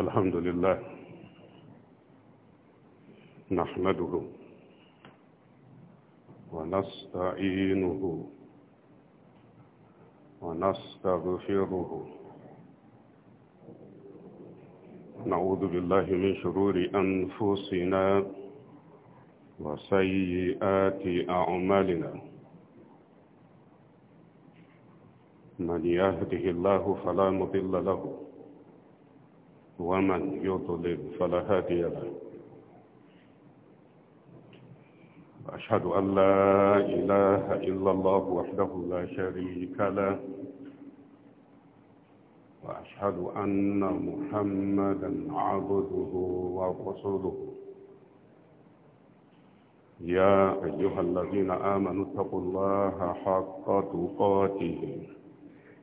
الحمد لله نحمده ونستعينه ونستغفره نعوذ بالله من شرور أنفسنا وسيئات أعمالنا من يهده الله فلا مضل له ومن يضلل فلا هادي له أشهد أن لا إله إلا الله وحده لا شريك له وأشهد أن محمدا عبده ورسوله يا أيها الذين آمنوا اتقوا الله حق تقاته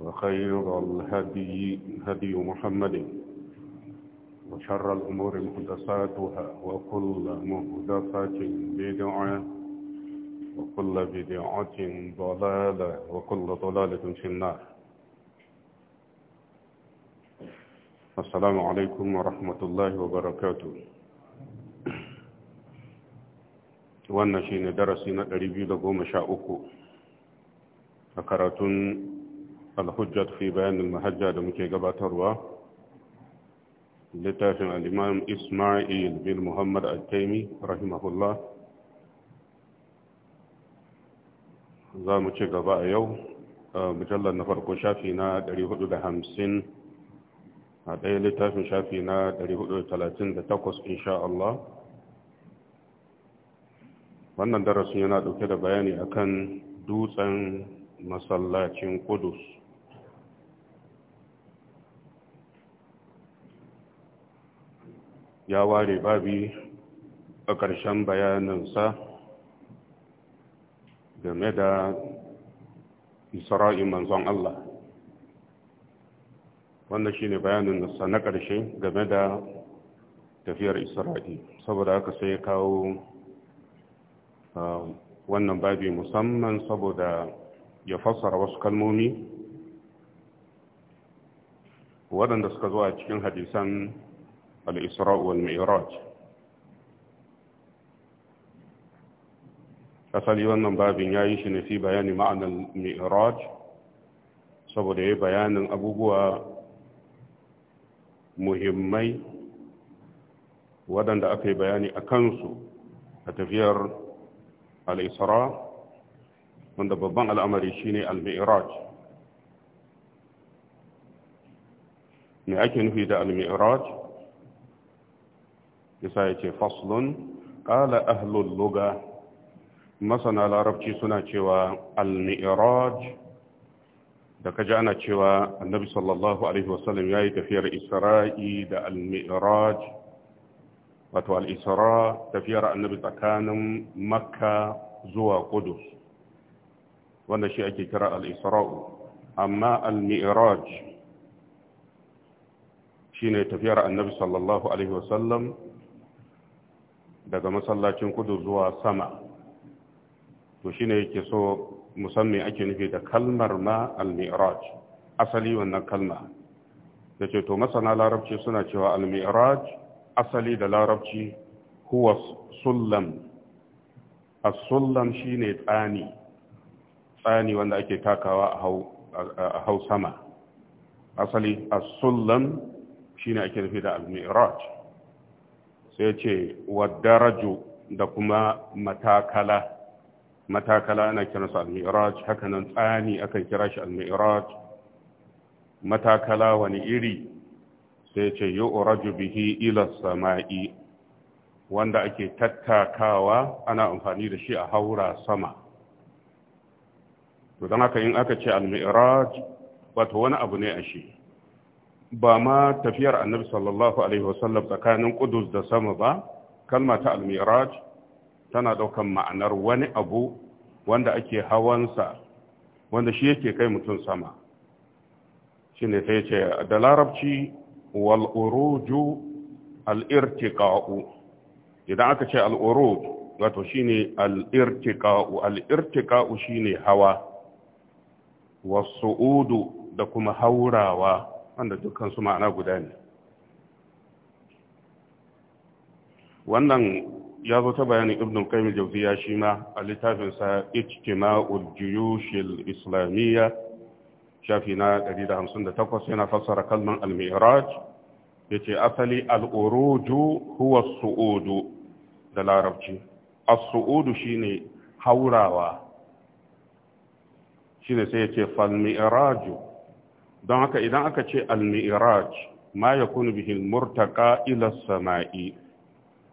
وخير الهدي هدي محمد وشر الأمور محدثاتها وكل محدثات بدعة وكل بدعة ضلالة وكل ضلالة في النار السلام عليكم ورحمة الله وبركاته wannan shine darasi na 213 a karatun alhujjar fi bayanin mahajja da muke gabatarwa littafin al'imam ismail bin muhammad al-taimi rahimahullah za mu ci gaba a yau mujallar na farko shafi na 450 a ɗaya littafin shafi na 438 insha Allah wannan darasin yana ɗauke da bayani akan dutsen masallacin kudus ya ware babi a ƙarshen bayaninsa game da isra'i manzon Allah wannan ne bayanin nasa na ƙarshe game da tafiyar isra'i saboda haka sai ya kawo wannan babi musamman saboda ya fassara wasu kalmomi waɗanda suka zo a cikin hadisan الإسراء والمعراج asali wannan babin ya yi shi ne bayani ma'anar mi'raj saboda ya bayanin abubuwa muhimmai wadanda aka yi bayani a kansu a tafiyar al'isra wanda babban al'amari shi ne al-mi'raj me ake nufi da al-mi'raj yasa ya ce faslun ƙala ahlul luga masana larabci suna cewa al-mi'raj da ka ji ana cewa annabi sallallahu alaihi wasallam ya yi tafiyar isra'i da al-mi'raj wato al-isra tafiyar annabi tsakanin makka zuwa kudus wanda shi ake kira al-isra'u amma al-mi'raj shi ne tafiyar annabi sallallahu alaihi wasallam daga masallacin kudu zuwa sama to shine yake so musamman ake nufi da kalmar ma al-mi'raj asali wannan kalma da ce to masana larabci suna cewa al-mi'raj asali da larabci huwa sullam as-sullam shine tsani tsani wanda ake takawa a hau sama asali as-sullam shine ake nufi da al-mi'raj sai ce wadaraju da kuma matakala matakala ana kira su al-mi'raj haka nan tsani akan kira shi al-mi'raj matakala wani iri sai ce yu'raju bihi ila sama'i wanda ake tattakawa ana amfani da shi a haura sama to don haka in aka ce al-mi'raj wato wani abu ne a shi ba ma tafiyar annabi sallallahu alaihi wasallam tsakanin kudus da sama ba kalma ta al-miraj tana daukan ma'anar wani abu wanda ake hawansa wanda shi yake kai mutum sama shi ne sai ce da larabci wal'uruju al'irtiƙa'u idan aka ce al'uruj wato shi ne al'irtiƙa'u al'irtiƙa'u shi ne hawa wasu'udu suudu da kuma haurawa wanda dukansu ma'ana guda ne wannan ya zo ta bayanin ibn qayyim jawziya shi ma a littafin sa ijtima'ul juyush al-islamiyya shafi na 158 yana fassara kalman al-mi'raj yace asali al-uruju huwa as-su'udu da larabci as-su'udu shine haurawa shine sai yace fal-mi'raju don haka idan aka ce al-mi'raj ma yakunu bihi al-murtaqa ila as-sama'i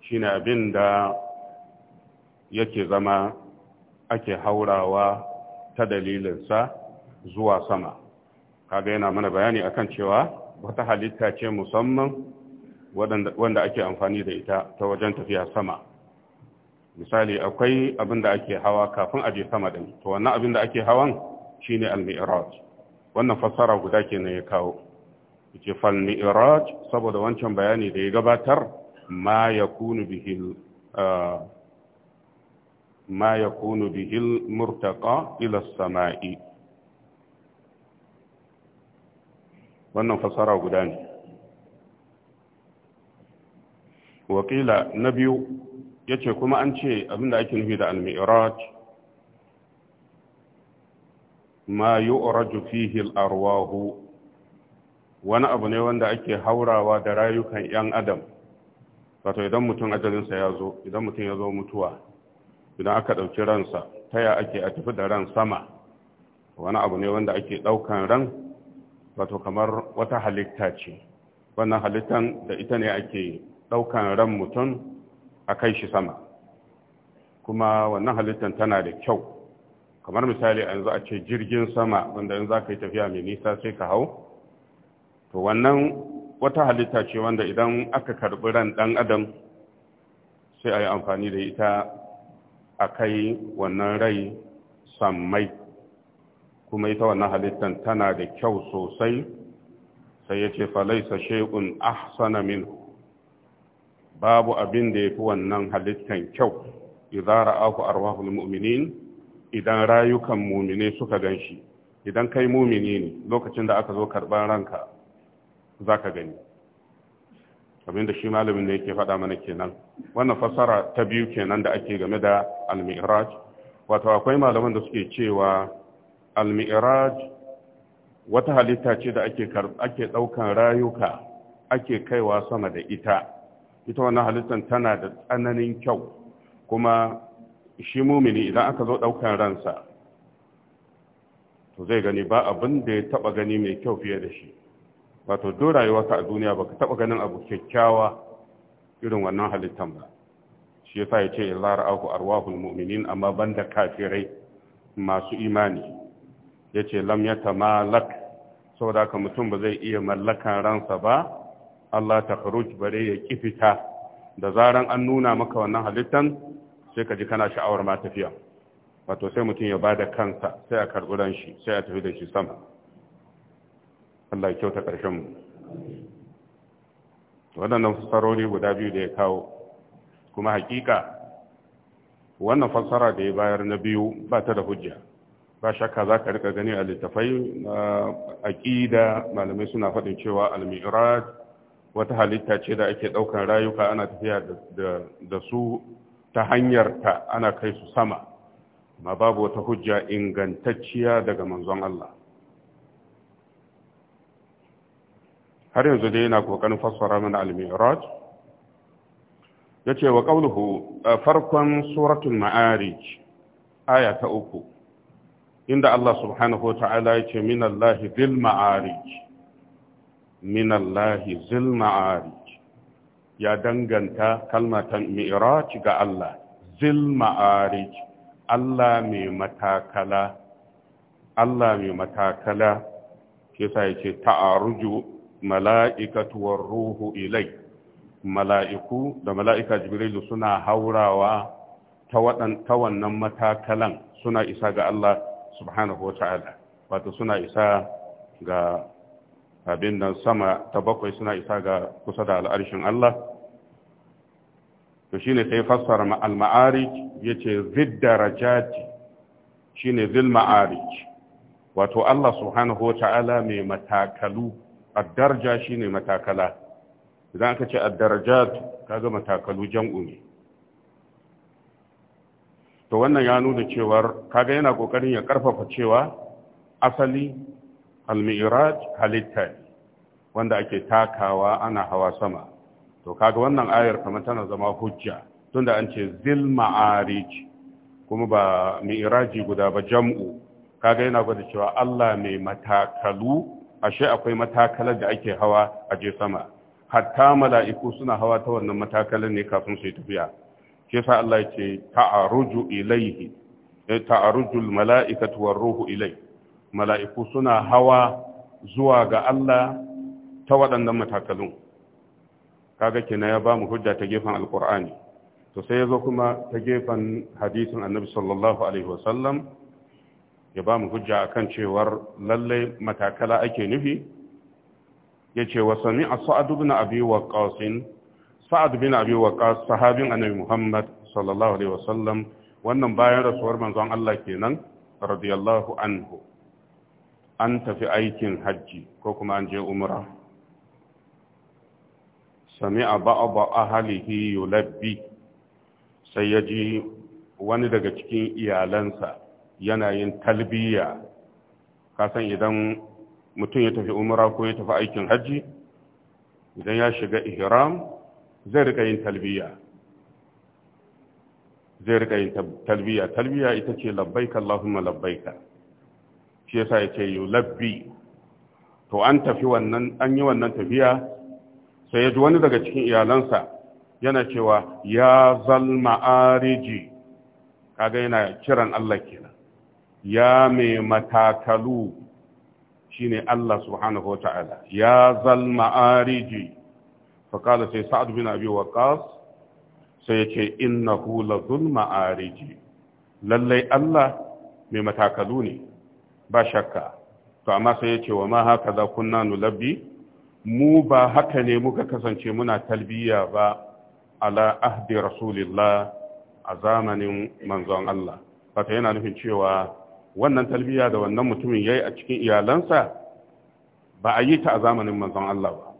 shine abin da yake zama ake haurawa ta dalilinsa zuwa sama kaga yana mana bayani akan cewa wata halitta ce musamman wanda ake amfani da ita ta wajen tafiya sama misali akwai abin da ake hawa kafin aje sama din to wannan abin da ake hawan shine al-mi'raj wannan fassara guda kenan ya kawo yace fal mi'raj saboda wancan bayani da ya gabatar ma yakunu bihil ma yakunu murtaqa ila samai wannan fassara guda ne wakila na biyu ya ce kuma an ce abinda ake nufi da al-mi'raj ma yu'raju fihil, al-arwahu wani abu ne wanda ake haurawa da rayukan yan adam wato idan mutum ajalinsa ya zo idan mutum ya zo mutuwa idan aka ɗauki ransa ta ya ake a tafi da ran sama wani abu ne wanda ake ɗaukan ran wato kamar wata halitta ce wannan halittan da ita ne ake ɗaukan ran mutum a kai shi sama kuma wannan halittan tana da kyau kamar misali yanzu a ce jirgin sama wanda yanzu za yi tafiya mai nisa sai ka hau to wannan wata halitta ce wanda idan aka karɓi ran ɗan adam sai a yi amfani da ita a kai wannan rai sammai kuma ita wannan halittar tana da kyau sosai sai ya ce falaisa shekun ahsana min babu abin da ya fi wannan halittar kyau idara aku arwahul mu'minin idan rayukan mumine suka gan shi idan kai mumini ne lokacin da aka zo karban ranka za ka gani abin da shi malamin da yake faɗa mana kenan wannan fassara ta biyu kenan da ake game da al-mi'raj wato akwai malaman da suke cewa al wata halitta ce da ake ake daukan rayuka ake kaiwa sama da ita ita wannan halittar tana da tsananin kyau kuma shi mumini idan aka zo ɗaukar ransa to zai gani ba abin da ya taba gani mai kyau fiye da shi wato do rayuwarka a duniya baka taba ganin abu kyakkyawa irin wannan halittan ba shi yasa ya ce illa ra'ahu arwahul mu'minin amma banda kafirai masu imani yace lam yatamalak saboda ka mutum ba zai iya mallakan ransa ba Allah ta kharuj bare ya kifita da zaran an nuna maka wannan halittan sai ka ji kana sha'awar ma tafiya wato sai mutum ya bada kansa sai a karɓi ran sai a tafi da shi sama Allah ya kyauta ƙarshen mu waɗannan fassarori guda biyu da ya kawo kuma hakika wannan fassara da ya bayar na biyu ba ta da hujja ba shakka za ka rika gani a littafai aƙida malamai suna faɗin cewa al wata halitta ce da ake ɗaukar rayuka ana tafiya da su ta hanyar ta ana kai su sama ma babu wata hujja ingantacciya daga manzon Allah har yanzu dai yana kokarin fassara mana al-mi'raj yace wa qawluhu farkon suratul ma'arij aya ta uku inda Allah subhanahu wa ta'ala yace minallahi zil ma'arij minallahi zil ma'arij ya danganta kalmatan mi'raj ga Allah zil ma'arij Allah mai matakala Allah mai matakala Ke yasa yake ta'aruju mala'ikatu ruhu ilai mala'iku da mala'ika jibrilu suna haurawa ta wannan matakalan suna isa ga Allah subhanahu wata'ala wato suna isa ga abin nan sama ta bakwai suna isa ga kusa da al'arshin Allah to shine sai fassara al-ma'arij yace ziddarajati shine zil ma'arij wato Allah subhanahu wata'ala mai matakalu ad-daraja shine matakala idan aka ce ad-darajat kaga matakalu jam'u ne to wannan ya nuna cewar kaga yana kokarin ya karfafa cewa asali al-mi'raj halitta wanda ake takawa ana hawa sama to kaga wannan ayar kamar tana zama hujja tunda an ce zil ma'arij kuma ba mi'raji guda ba jam'u kaga yana gwada cewa Allah mai matakalu ashe akwai matakalar da ake hawa a je sama hatta mala'iku suna hawa ta wannan matakalar ne kafin su tafiya shi yasa Allah yake ta'aruju ilaihi eh, ta'arujul mala'ikatu war ruhu ilai mala'iku suna hawa zuwa ga Allah ta waɗannan matakalun kaga kenan ya ba mu hujja ta gefen alkur'ani to sai ya zo kuma ta gefen hadisin annabi sallallahu alaihi wasallam ya ba mu hujja akan cewar lallai matakala ake nufi ya ce wa sami a sa'ad bin abi waqqas sa'ad bin abi waqqas sahabin annabi muhammad sallallahu alaihi wasallam wannan bayan rasuwar manzon Allah kenan radiyallahu anhu an tafi aikin hajji ko kuma an je umra sami'a ba'da ahlihi yulabbi sai ya ji wani daga cikin iyalansa yana yin talbiya kasan idan mutum ya tafi umra ko ya tafi aikin hajji idan ya shiga ihram zai rika yin talbiya zai rika yin talbiya talbiya ita ce labbaika Allahumma labbaika shi yasa ce yulabbi to an tafi wannan an yi wannan tafiya sai ya ji wani daga cikin iyalansa yana cewa ya zal ma'ariji kaga yana kiran Allah kenan ya mai matakalu shine Allah subhanahu wata'ala ya zal ma'ariji faƙala sai sa'ad bin abi waqas sai yace innahu la zulma ma'ariji lallai Allah mai matakalu ne ba shakka to amma sai yace wa ma haka za kunna nulabbi mu ba haka ne muka kasance muna talbiya ba ala ahdi rasulillah a zamanin manzon Allah wato yana nufin cewa wannan talbiya da wannan mutumin yayi a cikin iyalansa ba a yi ta a zamanin manzon Allah ba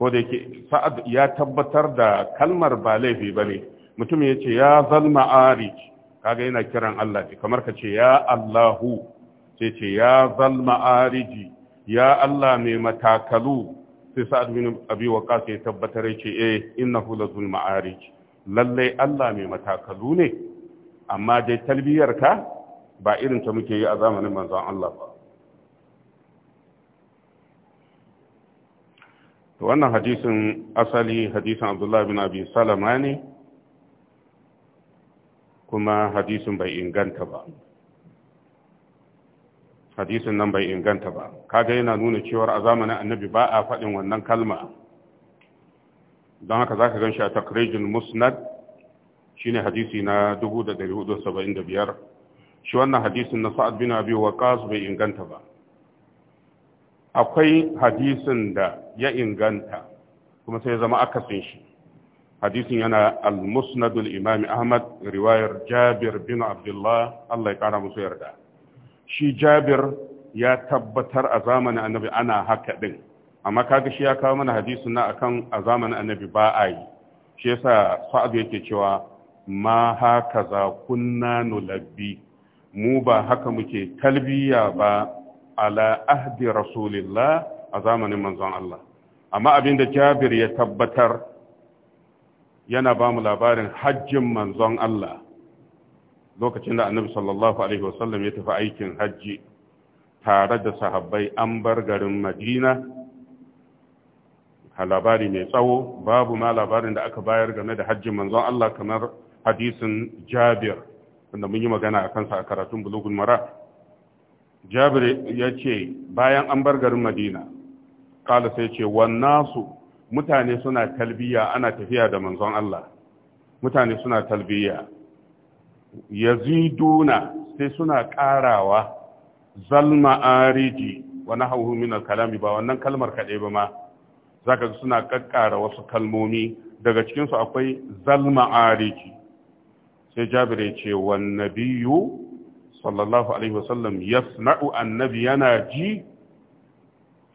ko da yake sa'ad ya tabbatar da kalmar ba laifi bane mutum ya ce ya zalma ma'arij kaga yana kiran Allah kamar ka ce ya Allahu sai ce ya zalma Ariji. ya Allah mai matakalu sai sa'ad bin abi ƙasa ya tabbatar e eh hula zuwa ma'arij Lallai Allah mai matakalu ne amma dai talbiyar ka ba irin ta muke yi a zamanin manzon Allah ba wannan hadisin asali hadisin Abdullahi bin Abi Salama ne kuma hadisin bai inganta ba hadisin nan bai inganta ba kaga yana nuna cewar a zamanin annabi ba a faɗin wannan kalma don haka zaka gan shi a takrijin musnad shine hadisi na 1475 shi wannan hadisin na sa'ad bin abi waqas bai inganta ba akwai hadisin da ya inganta kuma sai ya zama akasin shi hadisin yana al-musnadul Imami ahmad riwayar jabir bin abdullah Allah ya kara musu yarda shi jabir ya tabbatar a zamanin annabi ana haka din amma kaga shi ya kawo mana hadisu na akan a zamanin annabi ba a yi shi yasa sa'ad yake cewa ma haka za kunna nulabbi mu ba haka muke talbiya ba ala ahdi rasulillah a zamanin manzon Allah amma abinda Jabir ya tabbatar yana ba mu labarin hajjin manzon Allah lokacin da annabi sallallahu alaihi wasallam ya tafi aikin hajji tare da sahabbai an bar garin madina labari mai tsawo babu ma labarin da aka bayar game da hajjin manzon Allah kamar hadisin jabir wanda mun yi magana a kansa a karatun bulugun mara jabir ya ce bayan an bar garin madina kala sai ce wannasu mutane suna talbiya ana tafiya da manzon Allah mutane suna talbiya yaziduna sai suna ƙarawa zalma ariji wani hauhumin kalami ba wannan kalmar kaɗai ba ma za ka suna ƙaƙƙara wasu kalmomi daga cikinsu akwai zalma ariji sai jabir ya ce wannabiyu sallallahu alaihi wasallam yasma'u annabi yana ji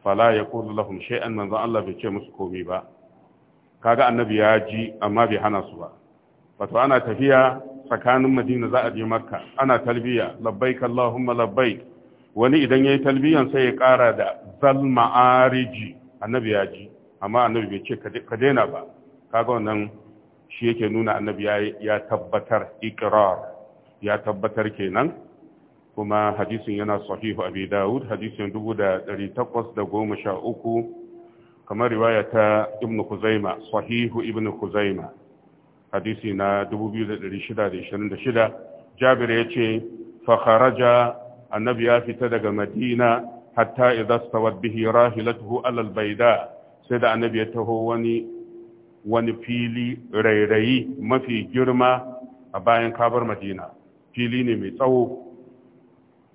fala ya lahum shay'an manzo Allah bai ce musu komai ba kaga annabi ya ji amma bai hana su ba wato ana tafiya tsakanin madina za a je makka ana talbiya labbaik allahumma labbaik wani idan yayi talbiyan sai ya kara da zal ma'ariji annabi ya ji amma annabi bai ce ka daina ba kaga wannan shi yake nuna annabi ya tabbatar iqrar ya tabbatar kenan kuma hadisin yana sahihu abi daud hadisin 1813 kamar riwaya ta ibn kuzaima sahihu ibnu kuzaima hadisi na 2626 jabir ya ce fakharaja annabi ya fita daga madina hatta idza stawat bihi rahilatuhu alal bayda sai da annabi ya taho wani wani fili rairayi mafi girma a bayan kabar madina fili ne mai tsawo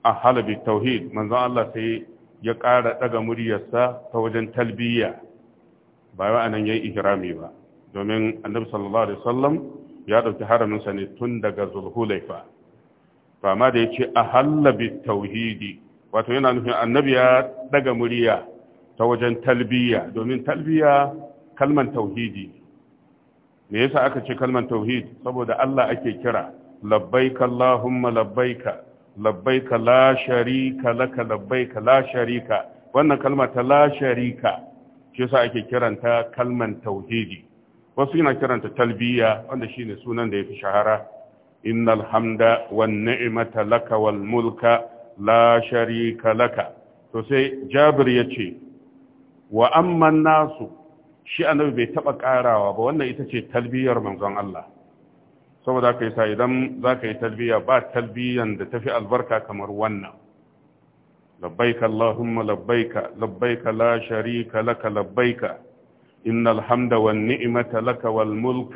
a halabi tauhid manzon Allah sai ya ƙara ɗaga muryarsa ta wajen talbiyya. ba wa anan yayi ihrami ba domin annabi sallallahu alaihi wasallam ya dauki haramin sa ne tun daga zulhulaifa to amma da yace ahalla bit tauhidi wato yana nufin annabi ya daga murya ta wajen talbiya domin talbiya kalman tauhidi me yasa aka ce kalman tauhid saboda Allah ake kira labbaika allahumma labbaika labbaika la sharika laka labbaika la sharika wannan kalma ta la sharika shi yasa ake kiranta kalman tauhidi wasu yana kiranta talbiya wanda shine sunan da yafi shahara innal hamda wan ni'mata laka wal mulka la sharika laka to sai jabir yace wa amman nasu shi annabi bai taba karawa ba wannan ita ce talbiyar manzon Allah saboda haka yasa idan zaka yi talbiya ba talbiyan da tafi albarka kamar wannan labbaika allahumma labbaika labbaika la sharika laka labbaika إن الحمد والنعمة لك والملك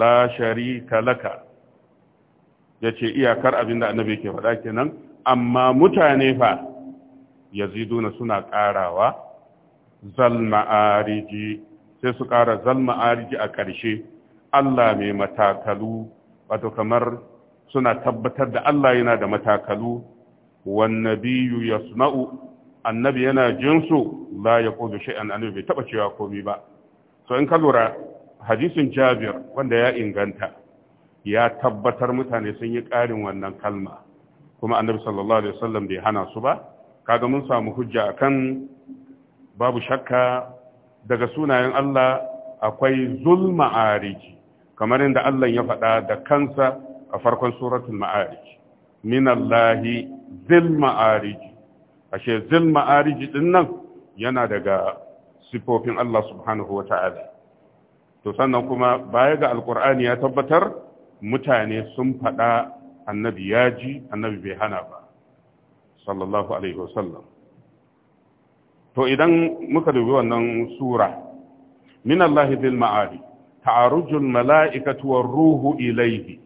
لا شريك لك yace iyakar abin da annabi ke faɗa kenan amma mutane fa yaziduna suna ƙarawa zal ma'ariji sai su ƙara zal ma'ariji a ƙarshe Allah mai matakalu wato kamar suna tabbatar da Allah yana da matakalu wannabiyu ya yasma'u annabi yana jinsu la ya kudu an annabi bai taba cewa komi ba so in ka lura hadisin Jabir wanda ya inganta ya tabbatar mutane sun yi ƙarin wannan kalma kuma annabi sallallahu alaihi wasallam bai hana su ba kaga mun samu hujja akan babu shakka daga sunayen Allah akwai zulma ariji kamar inda Allah ya faɗa da kansa a farkon suratul ma'arij minallahi zil ariji ashe zil ma'ariji din nan yana daga sifofin Allah subhanahu wa ta'ala to sannan kuma baya ga alkur'ani ya tabbatar mutane sun faɗa annabi ya ji annabi bai hana ba sallallahu alaihi wasallam to idan muka dubi wannan sura min Allah ma'ari ta'arujul mala'ikatu ruhu ilaihi.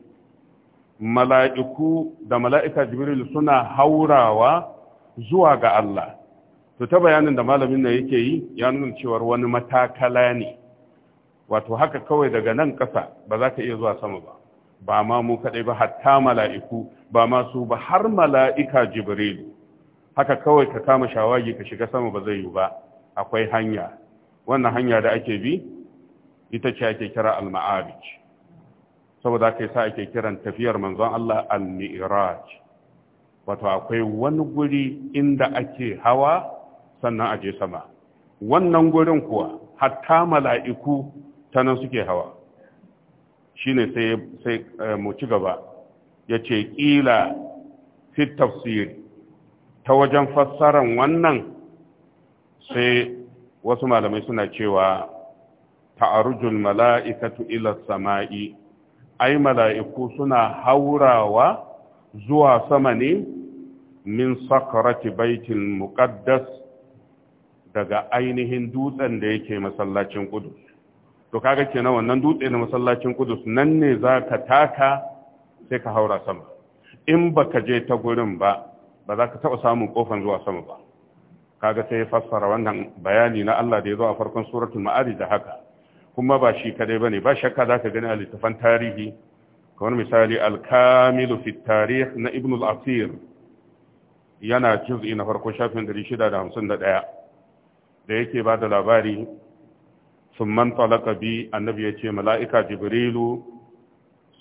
mala'iku da mala'ika jibril suna haurawa zuwa ga Allah to ta bayanin da malamin na yake yi ya nuna cewar wani matakala ne wato haka kawai daga nan ƙasa ba za ka iya zuwa sama ba ba ma mu kaɗai ba hatta mala'iku ba ma su ba har mala'ika jibrilu haka kawai ka kama shawagi ka shiga sama ba zai yi ba akwai hanya wannan hanya da ake bi ita ce ake kira al-ma'arij saboda yi sa ake kiran tafiyar manzon Allah al-mi'raj wato akwai wani guri inda ake hawa sannan aje sama wannan gurin kuwa hatta mala'iku ta nan suke hawa shine sai eh, mu ci gaba ya ce ƙila fit tafsiri ta wajen fassaran wannan sai wasu malamai suna cewa ta'arujul mala'ikatu ila sama'i ai mala'iku suna haurawa zuwa sama ne min sakarati baitul muqaddas daga ainihin dutsen da yake masallacin kudus to kaga kenan wannan dutse na masallacin kudus nan ne za ka taka sai ka haura sama in baka je ta gurin ba ba za ka taɓa samun kofar zuwa sama ba kaga sai ya fassara wannan bayani na Allah da ya zo a farkon suratul ma'arij da haka kuma ba shi kadai bane ba shakka zaka gani a littafan tarihi kamar misali al-kamilu fi tarikh na ibn al-asir yana juz'i na farko shafin 651 da yake ba da labari sun man talaka annabi ya ce mala'ika jibrilu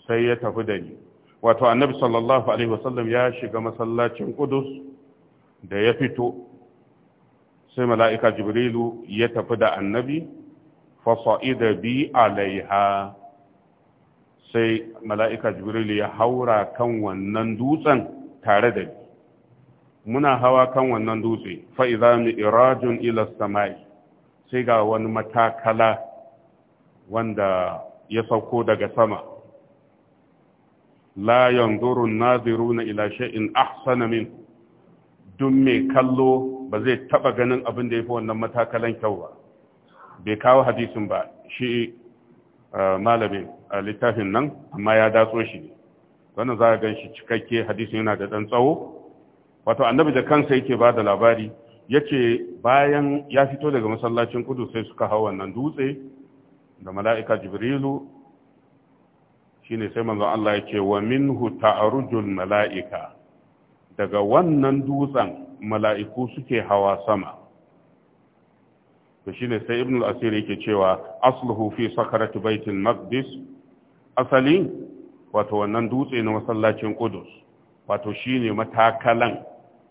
sai ya tafi da ni wato annabi sallallahu alaihi wasallam ya shiga masallacin kudus da ya fito sai mala'ika jibrilu ya tafi da annabi fasa'ida bi alaiha sai mala'ika jibrilu ya haura kan wannan dutsen tare da ni muna hawa kan wannan dutse mi irajun ila samai sai ga wani matakala wanda ya sauko daga sama la yanzuru naziruna ila shay'in ahsana min duk mai kallo ba zai taba ganin abin da yafi wannan matakalan kyau ba bai kawo hadisin ba shi eh, malamin a littafin nan amma ya datso shi ne wannan za a gan cikakke hadisin yana da ɗan tsawo wato annabi da kansa yake ba da labari yace bayan ya fito daga masallacin kudu sai suka hau wannan dutse da mala'ika jibrilu shine sai manzo Allah yake wa minhu ta'rujul mala'ika daga wannan dutsen mala'iku suke hawa sama to shine sai ibn al-asir yake cewa asluhu fi sakarat baitul maqdis asali wato wannan dutse na masallacin Kudus wato shine matakalan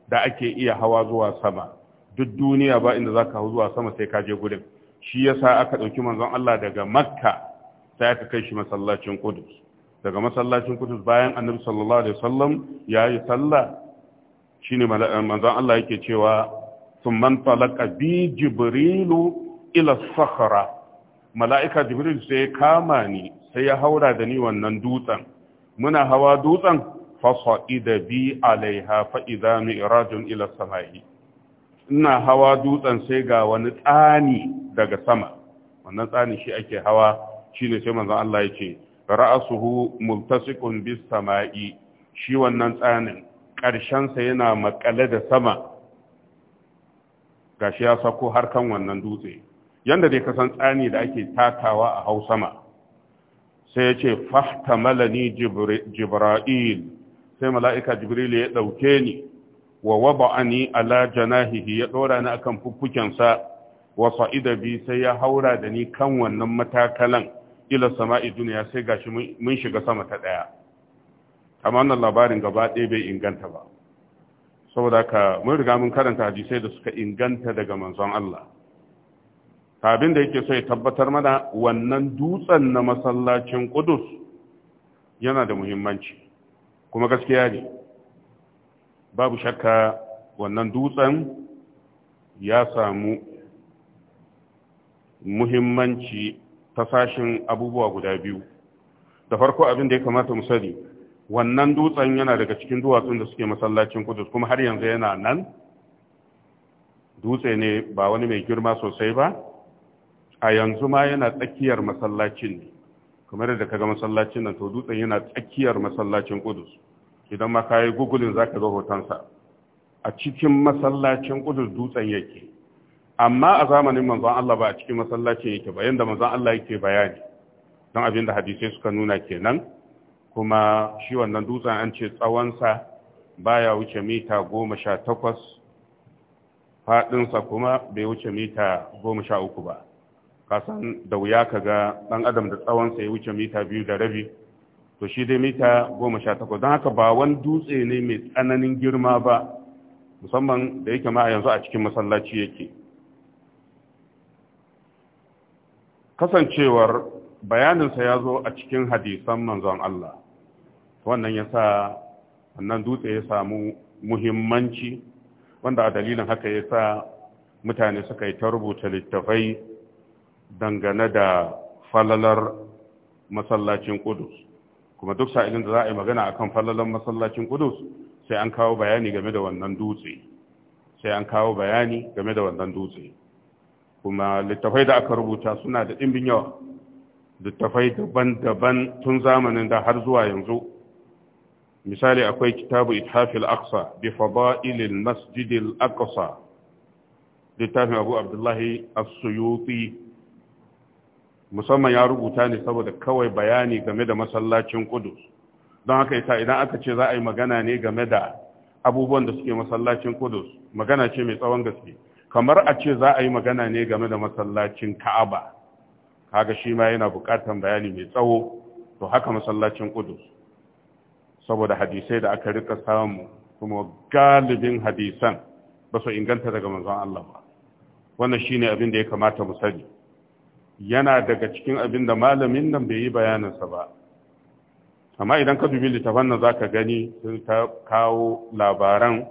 da ake iya hawa zuwa sama duk duniya ba inda ka hau zuwa sama sai ka je Shi shi sa aka ɗauki manzon Allah daga Makka sai aka kai shi masallacin kudus daga masallacin kudus bayan Annabi sallallahu alaihi wasallam yi sallah ne manzon Allah yake cewa thumman talaqa bi jibrilu ila sakhra mala'ika jibril sai kama ni sai ya haura da ni wannan dutsen muna hawa dutsen fasa'ida bi alaiha fa'iza mi'rajun ila sama'i ina hawa dutsen sai ga wani tsani daga sama wannan tsani shi ake hawa shine sai manzon Allah yake ra'asuhu multasiqun bis sama'i shi wannan tsanin Karshen sa yana makale da sama gashi ya sako harkan wannan dutse yanda dai kasan tsani da ake takawa a hau sama sai ya ce fahtamalani jibra'il sai mala'ika jibril ya ɗauke ni wa waba'ani ala janahihi ya ɗora ni akan fukukensa wa sa'ida bi sai ya haura da ni kan wannan matakalan ila sama'i duniya sai gashi mun shiga sama ta ɗaya amma wannan labarin gaba ɗaya bai inganta ba saboda ka mun riga mun karanta hadisai da suka inganta daga manzon Allah abin da yake sai ya tabbatar mana wannan dutsen na masallacin Qudus yana da muhimmanci kuma gaskiya ne babu shakka wannan dutsen ya samu muhimmanci ta sashin abubuwa guda biyu da farko abin da ya kamata mu sani wannan dutsen yana daga cikin duwatsun da suke masallacin kudus kuma har yanzu yana nan dutse ne ba wani mai girma sosai ba a yanzu ma yana tsakiyar masallacin ne kamar da kaga masallacin nan to dutsen yana tsakiyar masallacin Qudus idan ma kayi gugulin ka ga hotonsa a cikin masallacin Qudus dutsen yake amma a zamanin manzon Allah ba a cikin masallacin yake ba yanda manzon Allah yake bayani don abin da hadisai suka nuna kenan kuma shi wannan dutsen an ce tsawonsa baya wuce mita goma sha takwas faɗinsa kuma bai wuce mita goma sha uku ba kasan da wuya ka ga ɗan adam da tsawonsa ya wuce mita biyu da rabi to shi dai mita goma sha takwas don haka ba wani dutse ne mai tsananin girma ba musamman da yake ma yanzu a cikin masallaci yake kasancewar bayaninsa ya zo a cikin hadisan manzon Allah wannan ya sa wannan dutse ya samu muhimmanci wanda a dalilin haka ya sa mutane suka yi ta rubuta littafai dangane da falalar masallacin Kudus, kuma duk sa'ilin da za a yi magana akan falalar masallacin Kudus, sai an kawo bayani game da wannan dutse sai an kawo bayani game da wannan dutse kuma littafai da aka rubuta suna da ɗimbin yawa littafai daban-daban tun zamanin da har zuwa yanzu misali akwai kitabu ithafil aqsa bi fada'ilil masjidil aqsa littafin abu abdullahi as-suyuti musamman ya rubuta ne saboda kawai bayani game da masallacin kudus don haka yasa idan aka ce za a yi magana ne game da abubuwan da suke masallacin kudus magana ce mai tsawon gaske kamar a ce za a yi magana ne game da masallacin ka'aba kaga shi ma yana buƙatar bayani mai tsawo to haka masallacin kudus saboda hadisai da aka rika samu kuma galibin hadisan ba su inganta daga manzon Allah ba wannan shine abin da ya kamata mu sani yana daga cikin abin da malamin nan bai yi bayaninsa ba amma idan ka dubi littafan nan za ka gani sun ta kawo labaran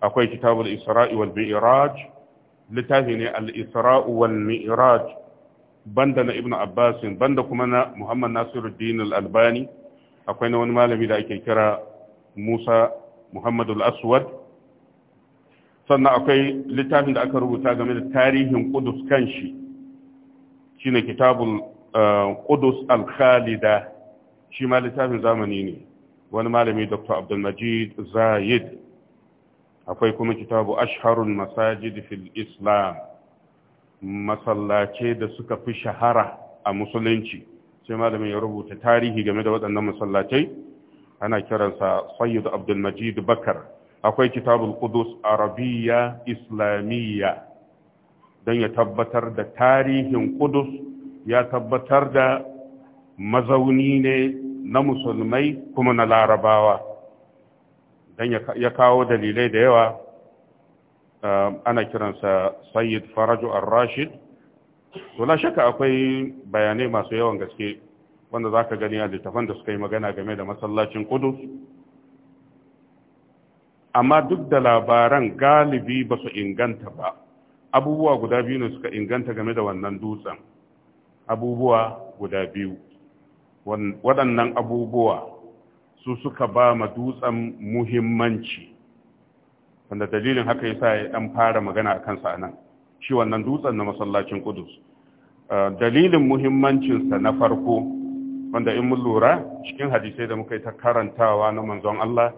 akwai kitabul isra'i wal mi'raj littafi ne al-isra'u wal mi'raj banda na ibnu abbas banda kuma na muhammad nasiruddin al-albani akwai na wani malami da ake kira musa muhammad al-aswad sannan akwai littafin da aka rubuta game da tarihin kudus kanshi shine kitabun eh, qudus al-khalida shi ma littafin zamani ne wani malami dr abdulmajid zayid akwai kuma kitabu ashharun masajid fil islam masallace da suka fi shahara a musulunci sai malamin ya rubuta tarihi game da waɗannan masallacai ana kiransa sayyid abdulmajid bakar akwai kitabun ƙudus arabiya islamiyya don ya tabbatar da tarihin Kudus ya tabbatar da mazauni ne na musulmai kuma na larabawa don ya kawo dalilai da yawa eh, ana kiransa sayyid faraju al rashid to la shaka akwai bayanai masu yawan gaske wanda za ka gani a littafan da suka yi magana game da masallacin kudus amma duk da labaran galibi ba su inganta ba abubuwa guda biyu ne suka inganta game da wannan dutsen abubuwa guda biyu waɗannan abubuwa su suka ba ma dutsen muhimmanci wanda dalilin haka ya sa ya fara magana a kansa nan shi wannan dutsen na masallacin kudus eh, dalilin muhimmancinsa na farko wanda in mun lura cikin hadisai da muka yi ta karantawa na manzon Allah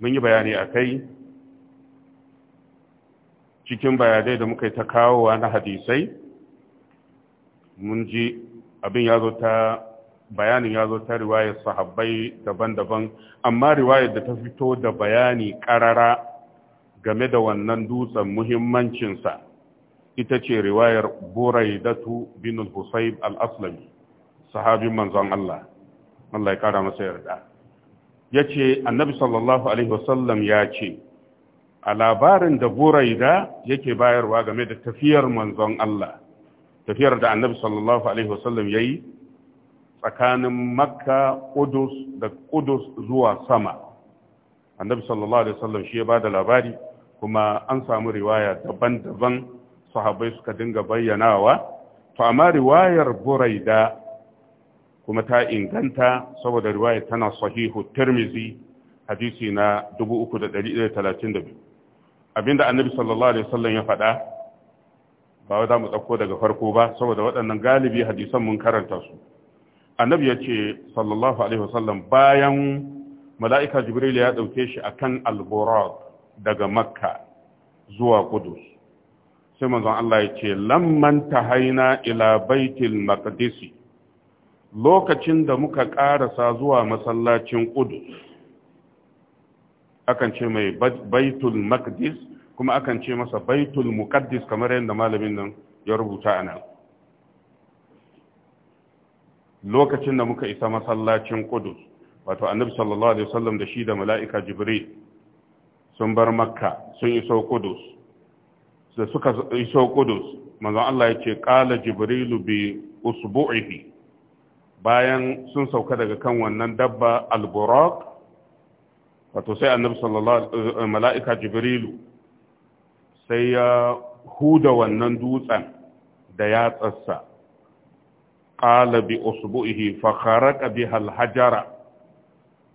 mun yi bayani a kai cikin bayanai da muka yi ta kawowa na hadisai mun ji abin ya zo ta bayanin ya zo ta riwayar sahabbai daban-daban amma riwayar da ta fito da bayani karara game da wannan dutsen muhimmancinsa ita ce riwayar buraidatu bin al-husayb al-aslami sahabin manzon Allah Allah ya kara masa yarda ce annabi sallallahu alaihi wasallam ya ce a labarin da buraida yake bayarwa game da tafiyar manzon Allah tafiyar da annabi sallallahu alaihi wasallam yayi tsakanin makka kudus da kudus zuwa sama annabi sallallahu alaihi wasallam shi ya bada labari kuma an samu riwaya daban-daban sahabbai suka dinga bayyanawa to amma riwayar buraida kuma ta inganta saboda riwaya tana sahihu tirmizi hadisi na 3132 abinda annabi sallallahu alaihi wasallam ya faɗa ba za mu daga farko ba saboda waɗannan galibi hadisan mun karanta su annabi ya ce sallallahu alaihi wasallam bayan mala'ika jibril ya ɗauke shi akan alborod daga makka zuwa kudus sai manzon Allah ya ce lamman tahaina ila baitil maqdisi lokacin da muka ƙarasa zuwa masallacin kudus akan ce mai baitul maqdis kuma akan ce masa baitul muqaddis kamar yadda malamin nan ya rubuta a nan lokacin da muka isa masallacin kudus wato annabi sallallahu alaihi wasallam da shi da mala'ika jibril sun bar makka sun iso kudus da suka iso kudus manzon Allah ya ce qala jibrilu bi usbu'ihi bayan sun sauka daga kan wannan dabba al-buraq wato sai annabi sallallahu mala'ika jibrilu sai ya huda wannan dutsen da yatsarsa qala bi usbu'ihi fa kharaqa biha al-hajara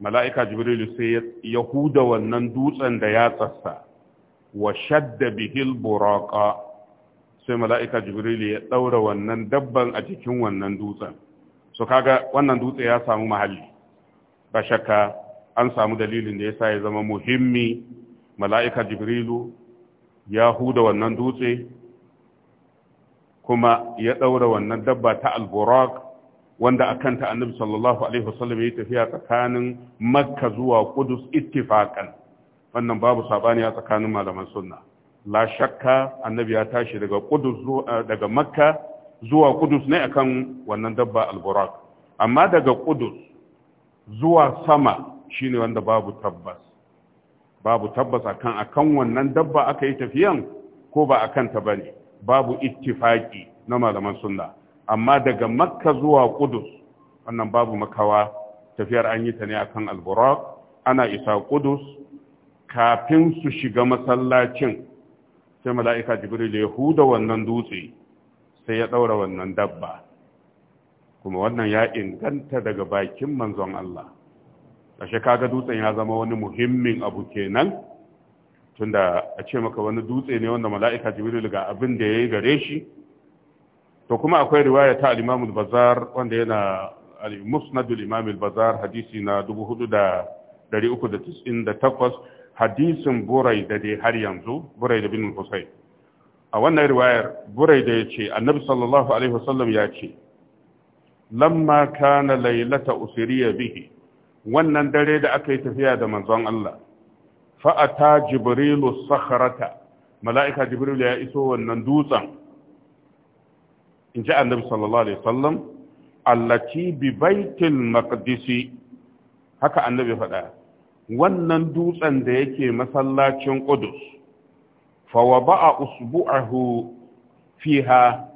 mala'ika jibrilu sai ya huda wannan dutsen da tsassa. wa shadda bihi al-buraqa sai mala'ika jibrilu ya daura wannan dabban a cikin wannan dutsen so kaga wannan dutse ya samu mahalli ba shakka an samu dalilin da ya sa ya zama muhimmi mala'ika jibrilu ya huda wannan dutse kuma ya ɗaura wannan dabba ta alburak wanda a kanta annabi sallallahu alaihi wasallam ya tafiya tsakanin makka zuwa kudus ittifakan wannan babu sabani a tsakanin malaman sunna la shakka annabi ya tashi daga kudus daga makka zuwa kudus ne akan wannan dabba alburak amma daga kudus zuwa sama Shi ne wanda babu tabbas babu tabbas akan akan wannan dabba aka yi tafiyan ko ba akan ta ne? babu ittifaki na malaman sunna amma daga makka zuwa kudus wannan babu makawa tafiyar an yi ta ne akan alburak ana isa kudus kafin su shiga masallacin sai mala'ika jibril ya huda wannan dutse sai ya daura wannan dabba kuma wannan ya inganta daga bakin manzon Allah ashe kaga dutsen ya zama wani muhimmin abu kenan tunda a ce maka wani dutse ne wanda mala'ika jibril ga abin da yayi gare shi to kuma akwai riwaya ta al-Imam al-Bazzar wanda yana al-Musnad al-Imam al-Bazzar hadisi na 4398 hadisin Burai da dai har yanzu Burai da bin Husayn a wannan riwayar Burai da yace Annabi sallallahu alaihi wasallam ya ce lamma kana laylata usriya bihi wannan dare da aka yi tafiya da manzon Allah fa'ata jibrilu sakharata mala'ika jibril ya iso wannan dutsen in ji annabi sallallahu alaihi sallam. allati bi baitil maqdisi haka annabi faɗa wannan dutsen da yake masallacin qudus fa a usbu'ahu fiha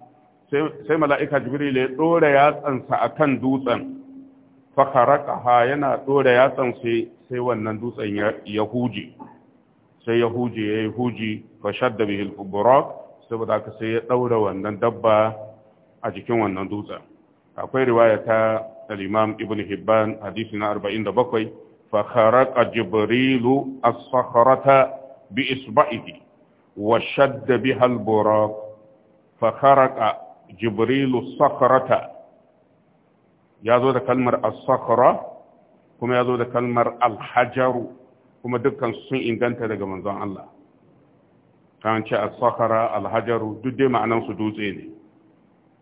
sai mala'ika jibril ya ɗora yatsansa akan dutsen fakarakaha yana ɗora yatsan sai sai wannan dutsen ya huje sai ya huje ya yi huji fashad bihil kuburok saboda aka sai ya ɗaura wannan dabba a jikin wannan dutsen akwai riwaya ta al-imam ibn hibban hadisi na 47 fakaraka jibrilu as-sakhrata bi isba'ihi wa shadda bihal buraq fakaraka jibrilu as ya zo da kalmar as-sakhra kuma ya zo da kalmar al-hajaru kuma dukkan sun inganta daga manzon Allah kan ce as-sakhra al-hajaru duk dai ma'anan su dutse ne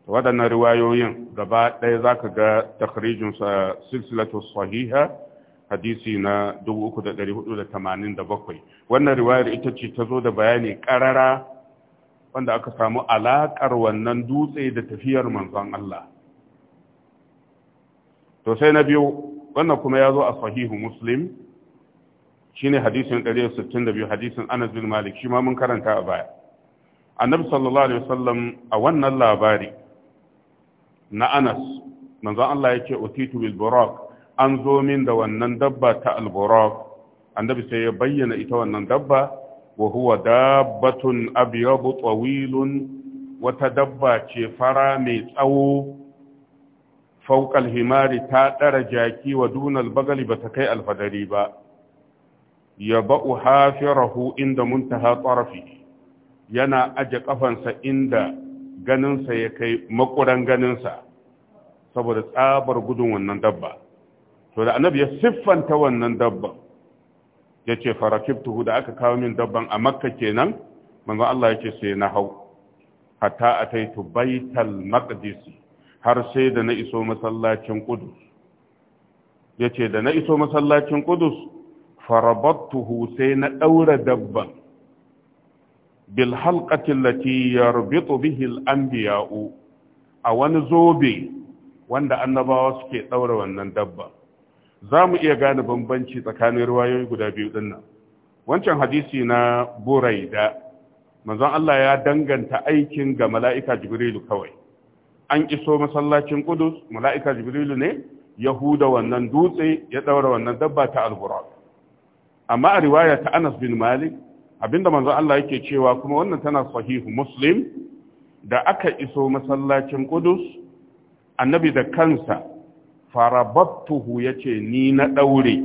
waɗannan riwayoyin gaba ɗaya zaka ga takhrijin sa silsilatu sahiha hadisi na 3487 wannan riwayar ita ce ta zo da bayani karara wanda aka samu alaƙar wannan dutse da tafiyar manzon Allah to sai na biyu wannan kuma ya zo a sahihu muslim shine hadisin 162 hadisin Anas bin Malik shi ma mun karanta a baya annabi sallallahu alaihi wasallam a wannan labari na Anas manzon Allah yake utitu bil buraq an zo min da wannan dabba ta al buraq annabi sai ya bayyana ita wannan dabba wa huwa dabbatun abyad tawilun wata dabba ce fara mai tsawo fauƙal himari ta ɗara jaki wa dunal bagali ba ta kai alfadari ba ya ba'u hafirahu inda muntaha tsarafi yana aje ƙafansa inda ganinsa ya kai makuran ganinsa saboda tsabar gudun wannan dabba to da annabi ya siffanta wannan dabban ya ce farakibtuhu da aka kawo min dabban a makka kenan manzo Allah yake sai na hau hatta ataitu baital maqdisi har sai da na iso masallacin Qudus yace da na iso masallacin Qudus farabattuhu sai na daura dabban bil latiyar allati yarbitu bihi al anbiya'u a wani zobe wanda annabawa suke ɗaura wannan dabba za mu iya gane bambanci tsakanin riwayoyi guda biyu dinnan wancan hadisi na buraida manzon Allah ya danganta aikin ga mala'ika jibrilu kawai an iso masallacin Kudus, mala'ika Jibrilu ne ya huda wannan dutse ya ɗaura wannan dabba ta al amma a riwaya ta Anas bin Malik abinda manzo Allah yake cewa kuma wannan tana sahihu Muslim da aka iso masallacin Kudus, annabi da kansa farabattuhu ce ni na ɗaure,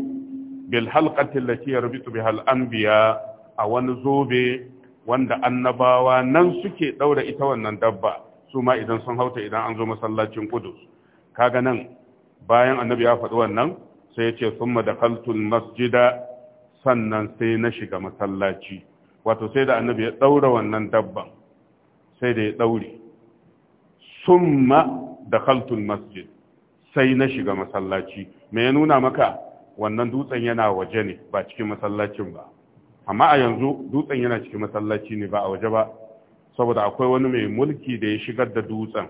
bil halqati allati yarbitu biha al-anbiya a wani zobe wanda annabawa nan suke ɗaura ita wannan dabba su ma idan sun hauta idan an zo masallacin kudus kaga nan bayan annabi ya faɗi wannan sai ya ce summa da masjida sannan sai na shiga masallaci wato sai da annabi ya ɗaura wannan dabban sai da ya daure summa da masjid sai na shiga masallaci me ya nuna maka wannan dutsen yana waje ne ba cikin masallacin ba amma a yanzu dutsen yana cikin masallaci ne ba a waje ba saboda akwai wani mai mulki da ya shigar da dutsen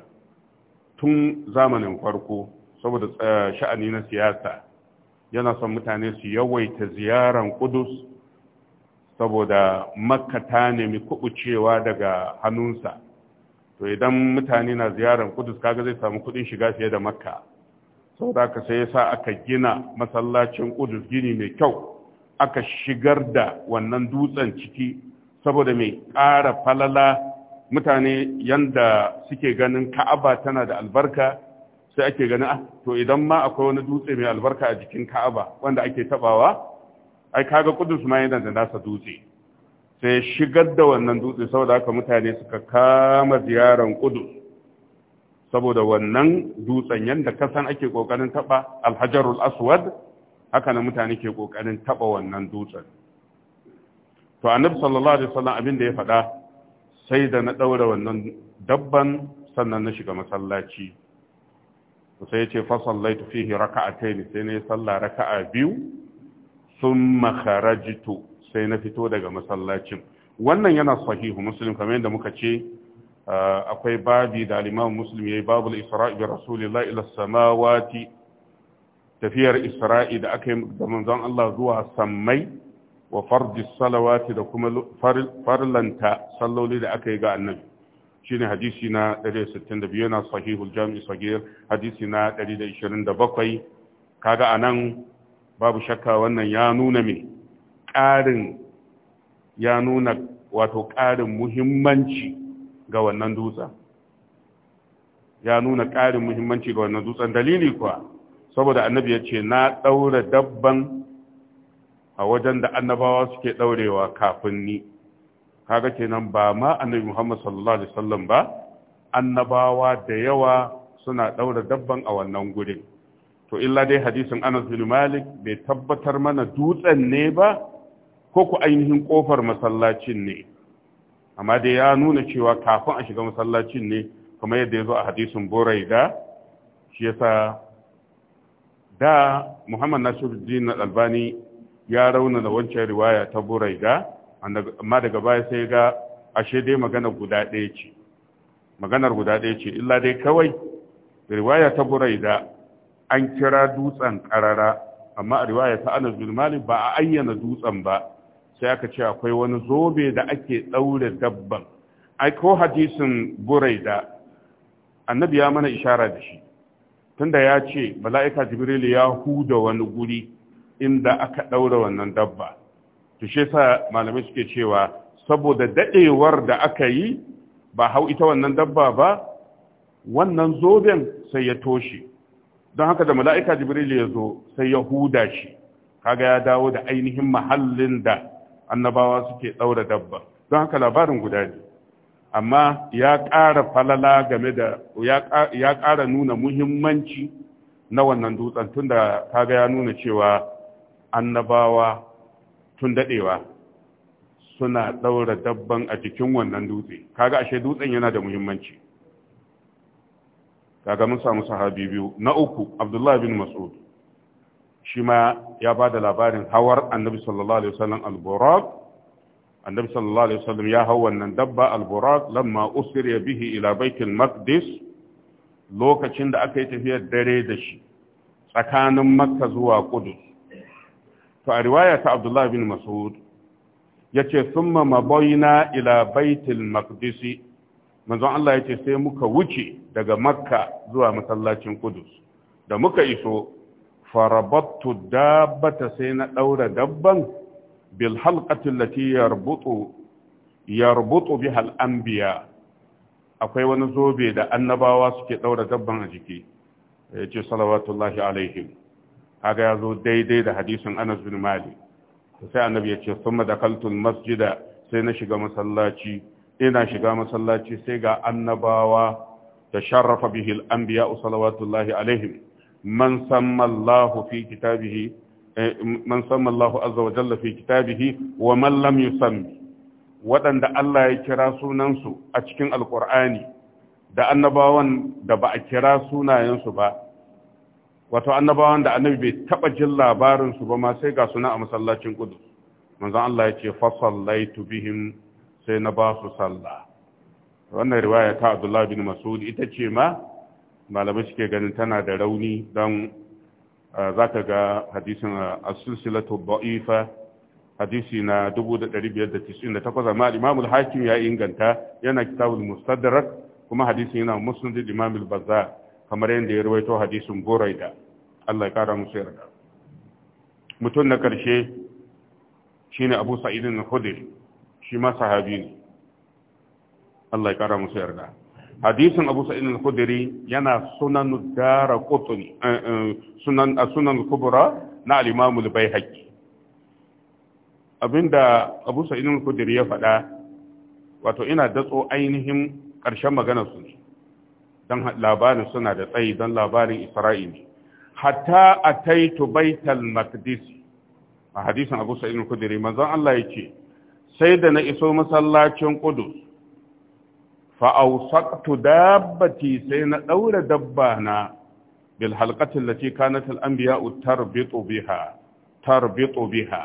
tun zamanin farko saboda eh, sha'ani na siyasa yana son mutane su yawaita ziyarar kudus saboda makka ta nemi kubucewa daga hannunsa to idan mutane na ziyarar kudus kaga zai samu kudin shiga fiye da makka saboda aka sai sa aka gina masallacin kudus gini mai kyau aka shigar da wannan dutsen ciki saboda mai ƙara falala mutane yanda suke ganin ka'aba tana da albarka sai ake ganin ah to idan ma akwai wani dutse mai albarka a jikin ka'aba wanda ake tabawa ai kaga kudus ma yana da nasa dutse sai shigar da wannan dutse saboda haka mutane suka kama ziyaran kudus saboda wannan dutsen yanda kasan ake kokarin taba alhajarul aswad haka na mutane ke kokarin taba wannan dutsen to annabi sallallahu alaihi wasallam abin da ya faɗa sai da na ɗaura wannan dabban sannan na shiga masallaci sai ya ce fasallaitu fihi a ne sai na yi sallah raka'a biyu sun makarajito sai na fito daga masallacin wannan yana sahihu muslim kamar yadda muka ce uh, akwai babi da limamin ya yi babu isra'i bi rasulillah samawati tafiyar isra'i da aka yi da manzon Allah zuwa sammai wa fardi salawati da kuma farlanta salloli da aka yi ga annabi shine hadisi na 162 yana sahihul jami'i sagir hadisi na 127 kaga anan babu shakka wannan ya nuna me ƙarin ya nuna wato ƙarin muhimmanci ga wannan dutsen ya nuna ƙarin muhimmanci ga wannan dutsen dalili kuwa saboda annabi ya ce na ɗaura dabban a wajen da annabawa suke ɗaurewa kafin ni kaga kenan ba ma annabi Muhammad sallallahu alaihi wasallam ba annabawa da yawa suna ɗaura dabban a wannan gurin to illa dai hadisin Anas bin Malik bai tabbatar mana dutsen ne ba ko ku ainihin kofar masallacin ne amma dai ya nuna cewa kafin a shiga masallacin ne kamar yadda ya zo a hadisin Buraida shi yasa da Muhammad Nasiruddin Albani ya rauna da wancan riwaya ta buraida amma daga baya sai ga ashe dai magana guda ɗaya ce maganar guda ɗaya ce illa dai kawai riwaya ta buraida an kira dutsen ƙarara. amma a riwaya ta anas bin ba a ayyana dutsen ba sai aka ce akwai wani zobe da ake ɗaure dabban ai ko hadisin buraida annabi ya mana ishara da shi tunda ya ce mala'ika jibril ya huda wani guri inda aka ɗaura wannan dabba to shi yasa malamai suke cewa saboda daɗewar da aka yi ba hau ita wannan dabba ba wannan zoben sai ya toshe don haka da mala'ika jibril ya zo sai ya huda shi kaga ya dawo da ainihin mahallin da annabawa suke ɗaura dabba don haka labarin guda ne amma ya ƙara falala game da ya ƙara nuna muhimmanci na wannan dutsen tun da kaga ya nuna cewa annabawa tun daɗewa suna ɗaura dabban a jikin wannan dutse kaga ashe dutsen yana da muhimmanci kaga mun samu sahabi biyu na uku abdullahi bin mas'ud shi ma ya ba da labarin hawar annabi sallallahu alaihi wasallam al burak annabi sallallahu alaihi wasallam ya hau wannan dabba al burak lamma usriya bihi ila baitul maqdis lokacin da aka yi tafiyar dare da shi tsakanin makka zuwa kudus to a riwaya ta abdullahi bin mas'ud yace summa mabaina ila baitil maqdis manzon Allah yace sai muka wuce daga makka zuwa masallacin Kudus da muka iso farabattu dabbata sai na daura dabban bil halqati allati yarbutu yarbutu biha al anbiya akwai wani zobe da annabawa suke daura dabban a jiki yace salawatullahi alaihim kaga ya zo daidai da hadisin Anas bin Mali. sai annabi ya ce summa dakaltul masjida sai na shiga masallaci ina shiga masallaci sai ga annabawa da sharrafa bihi al-anbiya salawatullahi alaihim man samma Allahu eh, azza wa jalla fi kitabihi wa man lam yusammi waɗanda Allah ya kira sunansu a cikin alkur'ani da annabawan da ba a kira sunayensu ba wato annabawan da annabi bai taba jin labarin ba ma sai ga suna a masallacin Qudus manzon Allah ya ce fa sallaitu bihim sai na ba su sallah wannan riwaya ta Abdullah bin Mas'ud ita ce ma malamai suke ganin tana da rauni dan zaka ga hadisin a silsilatu da'ifa hadisi na 1598 amma Imam al-Hakim ya inganta yana kitabul Mustadrak kuma hadisin yana Musnad Imam al-Bazzar kamar yadda ya rawaito hadisin Buraida Allah ya kara musu yarda mutum na karshe shine Abu Sa'id al-Khudri shi ma sahabi ne Allah ya kara musu yarda hadisin Abu Sa'id al-Khudri yana sunan Daraqutni eh, eh, sunan sunan kubra na al-Imam al abinda Abu Sa'id al-Khudri ya faɗa wato ina datso ainihin ƙarshen maganar su ne don labarin suna da tsayi don labarin Isra'ili hatta ataitu baital maqdis a hadisin Abu Sa'id al-Khudri manzon Allah yake sai da na iso masallacin Qudus fa awsaqtu dabbati sai na daura dabba na bil halqati allati kanat al-anbiya tarbitu biha tarbitu biha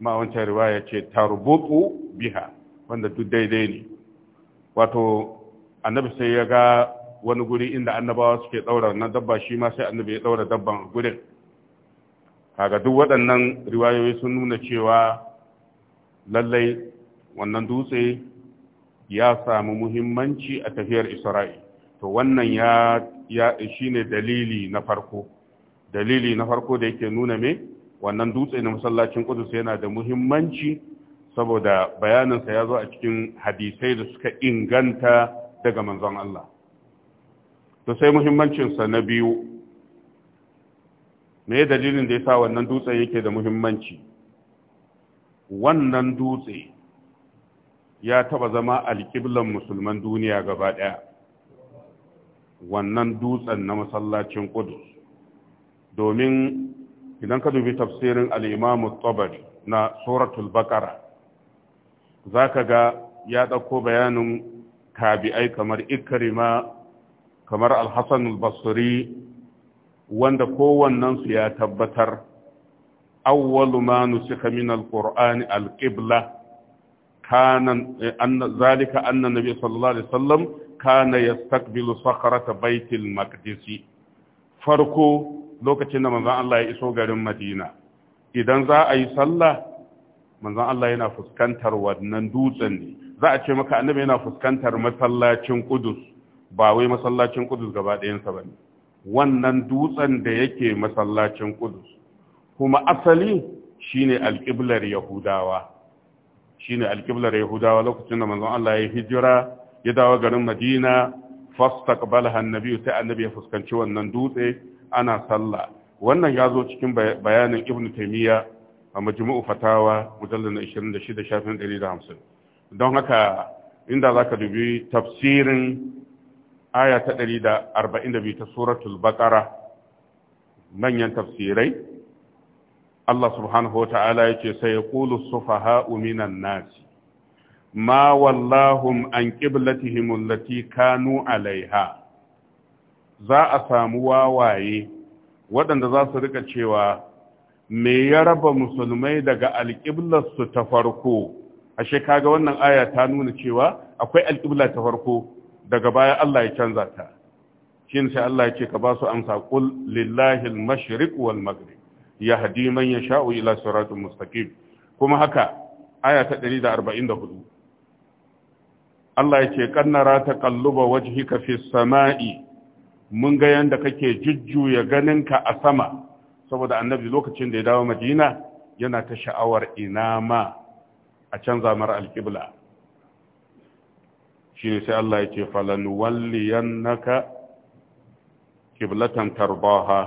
ma wancan riwaya ce tarbutu biha wanda duk daidai ne wato annabi sai ya ga wani guri inda annabawa suke daura na dabba shi ma sai annabi ya daura dabban gurin kaga duk waɗannan riwayoyi sun nuna cewa lallai wannan dutse ya samu muhimmanci a tafiyar Isra'i to wannan ya ya shine dalili na farko dalili na farko da yake nuna me wannan dutse na masallacin ƙudus yana da muhimmanci saboda bayaninsa ya zo a cikin hadisai da suka inganta daga manzon Allah to sai muhimmancinsa na biyu me dalilin da ya sa wannan dutsen yake da muhimmanci wannan dutse ya taba zama alƙiblan musulman duniya gaba ɗaya wannan dutsen na masallacin ƙudus domin idan ka dubi tafsirin al'imamu tabari na suratul bakara za ka ga ya ɗauko bayanin kabi'ai kamar ikrima kamar AlHassan hassan basri wanda kowannensu ya tabbatar awwalu ma nusika min al-qur'ani kana anna zalika anna nabi sallallahu alaihi wasallam kana yastaqbilu sakhrata baitil maqdis farko lokacin da manzon Allah ya iso garin Madina idan za a yi sallah manzon Allah yana fuskantar wannan dutsen ne za a ce maka annabi yana fuskantar masallacin Qudus ba wai masallacin Kudus gaba ɗayansa ba ne wannan dutsen da yake masallacin Kudus, kuma asali shine alƙiblar Yahudawa shine alƙiblar Yahudawa lokacin da manzon Allah ya hijira ya dawo garin Madina fastaqbalaha annabi sai annabi ya fuskanci wannan dutse ana sallah wannan ya zo cikin bayanin Ibn Taymiyyah a majmu'u fatawa mujallal 26 shafin 150 don haka inda zaka dubi tafsirin aya ta biyu ta suratul baqara manyan tafsirai Allah subhanahu wa ta'ala ce sai yaqulu sufaha'u minan nas ma wallahum an qiblatihim nu kanu alaiha za a samu wawaye waɗanda za su rika cewa me ya raba musulmai daga alƙiblarsu ta farko ashe kaga wannan aya ta nuna cewa akwai alƙibla ta farko daga baya Allah ya canza ta shin sai Allah ce ka ba su amsa qul lillahi al-mashriq wal maghrib yahdi man yasha'u ila siratin mustaqim kuma haka aya ta 144 Allah yake kannara ta qalluba wajhika fi samai mun ga yanda kake jujjuya ganinka a sama saboda annabi lokacin da ya dawo madina yana ta sha'awar ina ma a canza mar alƙibla ne sai Allah ya ce falan walliyannaka qiblatan tarbaha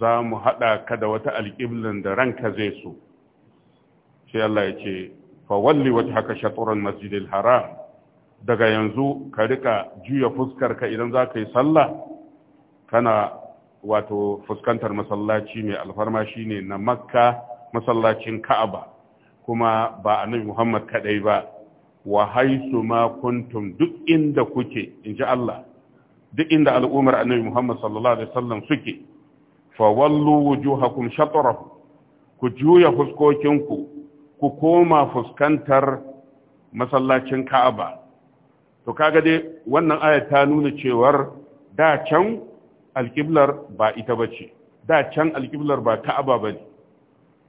za mu haɗa ka da wata alƙiblin da ranka zai so sai Allah ya ce fawalli wata haka shaturan masjidil haram daga yanzu ka rika juya fuskarka idan za ka yi sallah kana wato fuskantar masallaci mai alfarma shine na makka masallacin ka'aba kuma ba annabi muhammad kadai ba wa haisu ma kuntum duk inda kuke in ji Allah duk inda al'ummar annabi Muhammad sallallahu alaihi wasallam suke fa wallu wujuhakum shatrahu ku juya fuskokinku ku koma fuskantar masallacin Ka'aba to kaga dai wannan aya ta nuna cewar da can alƙiblar ba ita bace da can alƙiblar ba Ka'aba bane